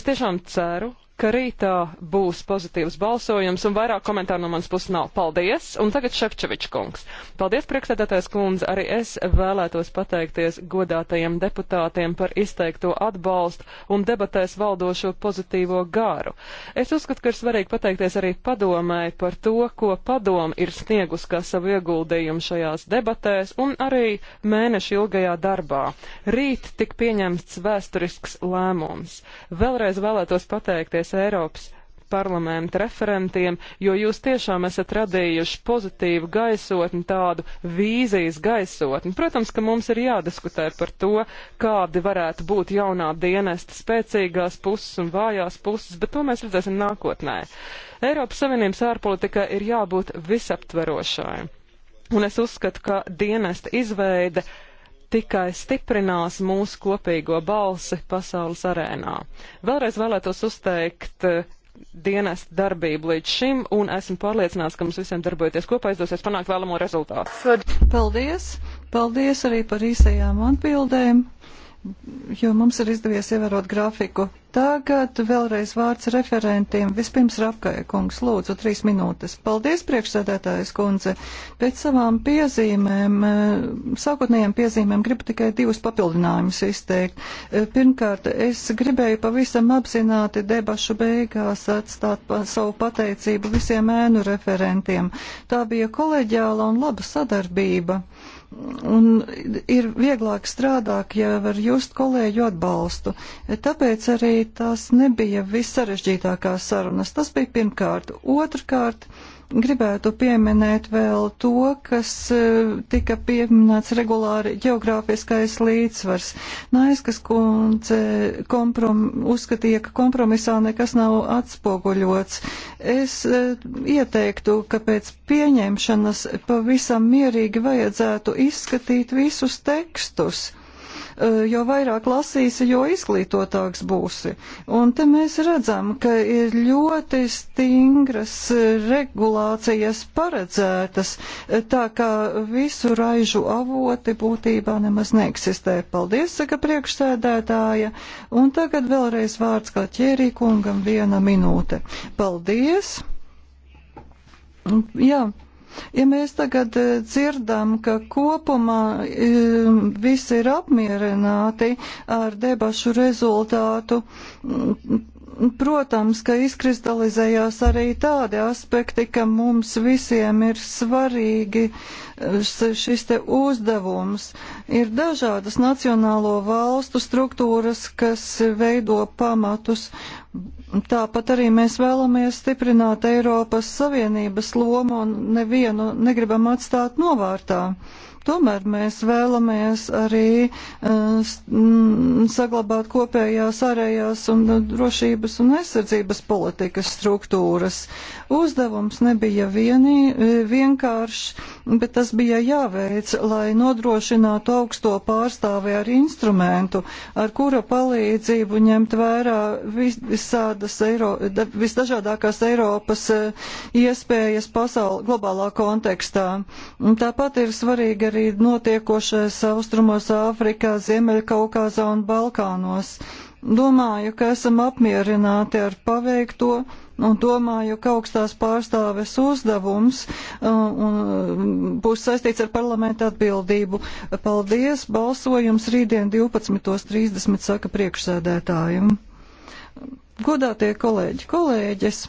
Es tiešām ceru, ka rītā būs pozitīvs balsojums un vairāk komentāru no manas puses nav. Paldies! Un tagad Šepčevičs kungs. Paldies, priekšsēdētājs kundze. Arī es vēlētos pateikties godātajiem deputātiem par izteikto atbalstu un debatēs valdošo pozitīvo garu. Es uzskatu, ka ir svarīgi pateikties arī padomēji par to, ko padomu ir sniegus kā savu ieguldījumu šajās debatēs un arī mēnešu ilgajā darbā. Rīt tik pieņemts vēsturisks lēmums. Vēlreiz vēlētos pateikties paldies Eiropas parlamenta referentiem, jo jūs tiešām esat radījuši pozitīvu gaisotni, tādu vīzijas gaisotni. Protams, ka mums ir jādiskutē par to, kādi varētu būt jaunā dienesta spēcīgās puses un vājās puses, bet to mēs redzēsim nākotnē. Eiropas Savienības ārpolitikai ir jābūt visaptverošai. Un es uzskatu, ka dienesta izveide tikai stiprinās mūsu kopīgo balsi pasaules arēnā. Vēlreiz vēlētos uzteikt eh, dienestu darbību līdz šim, un esmu pārliecināts, ka mums visiem darbojoties kopā izdosies panākt vēlamo rezultātu. Paldies! Paldies arī par īsajām atbildēm! jo mums ir izdevies ievērot grafiku. Tagad vēlreiz vārds referentiem. Vispirms Rapkaja kungs, lūdzu, trīs minūtes. Paldies, priekšsēdētājas kundze. Pēc savām piezīmēm, eh, sākotnējiem piezīmēm, gribu tikai divus papildinājumus izteikt. Eh, pirmkārt, es gribēju pavisam apzināti debašu beigās atstāt pa savu pateicību visiem ēnu referentiem. Tā bija koleģiāla un laba sadarbība un ir vieglāk strādāt, ja var just kolēģu atbalstu. Tāpēc arī tās nebija vissarežģītākās sarunas. Tas bija pirmkārt. Otrkārt, uh, gribētu pieminēt vēl to, kas eh, tika pieminēts regulāri geogrāfiskais līdzsvars. Naiskas kundze komprom, uzskatīja, ka kompromisā nekas nav atspoguļots. Es eh, ieteiktu, ka pēc pieņemšanas pavisam mierīgi vajadzētu izskatīt visus tekstus Eh, jo vairāk lasīsi, jo izglītotāks būsi. Un te mēs redzam, ka ir ļoti stingras regulācijas paredzētas, eh, tā kā visu raižu avoti būtībā nemaz neeksistē. Paldies, saka priekšsēdētāja. Un tagad vēlreiz vārds kā ķērī kungam viena minūte. Paldies! Jā. Yeah. Ja mēs tagad eh, dzirdam, ka kopumā eh, visi ir apmierināti ar debašu rezultātu, protams, ka izkristalizējās arī tādi aspekti, ka mums visiem ir svarīgi eh, šis te uzdevums. Ir dažādas nacionālo valstu struktūras, kas veido pamatus, Tāpat arī mēs vēlamies stiprināt Eiropas Savienības lomu un nevienu negribam atstāt novārtā. Uh, Tomēr mēs vēlamies arī eh, saglabāt kopējās ārējās un eh, drošības un aizsardzības politikas struktūras. Uzdevums nebija vienī, eh, vienkāršs, bet tas bija jāveic, lai nodrošinātu augsto pārstāvi ar instrumentu, ar kura palīdzību ņemt vērā visādas Eiro, visdažādākās Eiropas iespējas pasaul, globālā kontekstā. Tāpat ir svarīgi arī notiekošais austrumos Āfrikā, Ziemeļkaukāzā un Balkānos. Domāju, ka esam apmierināti ar paveikto un domāju, ka augstās pārstāves uzdevums uh, un, uh, būs saistīts ar parlamentu atbildību. Paldies! Balsojums rītdien 12.30 saka priekšsēdētājiem. Godātie kolēģi, kolēģis!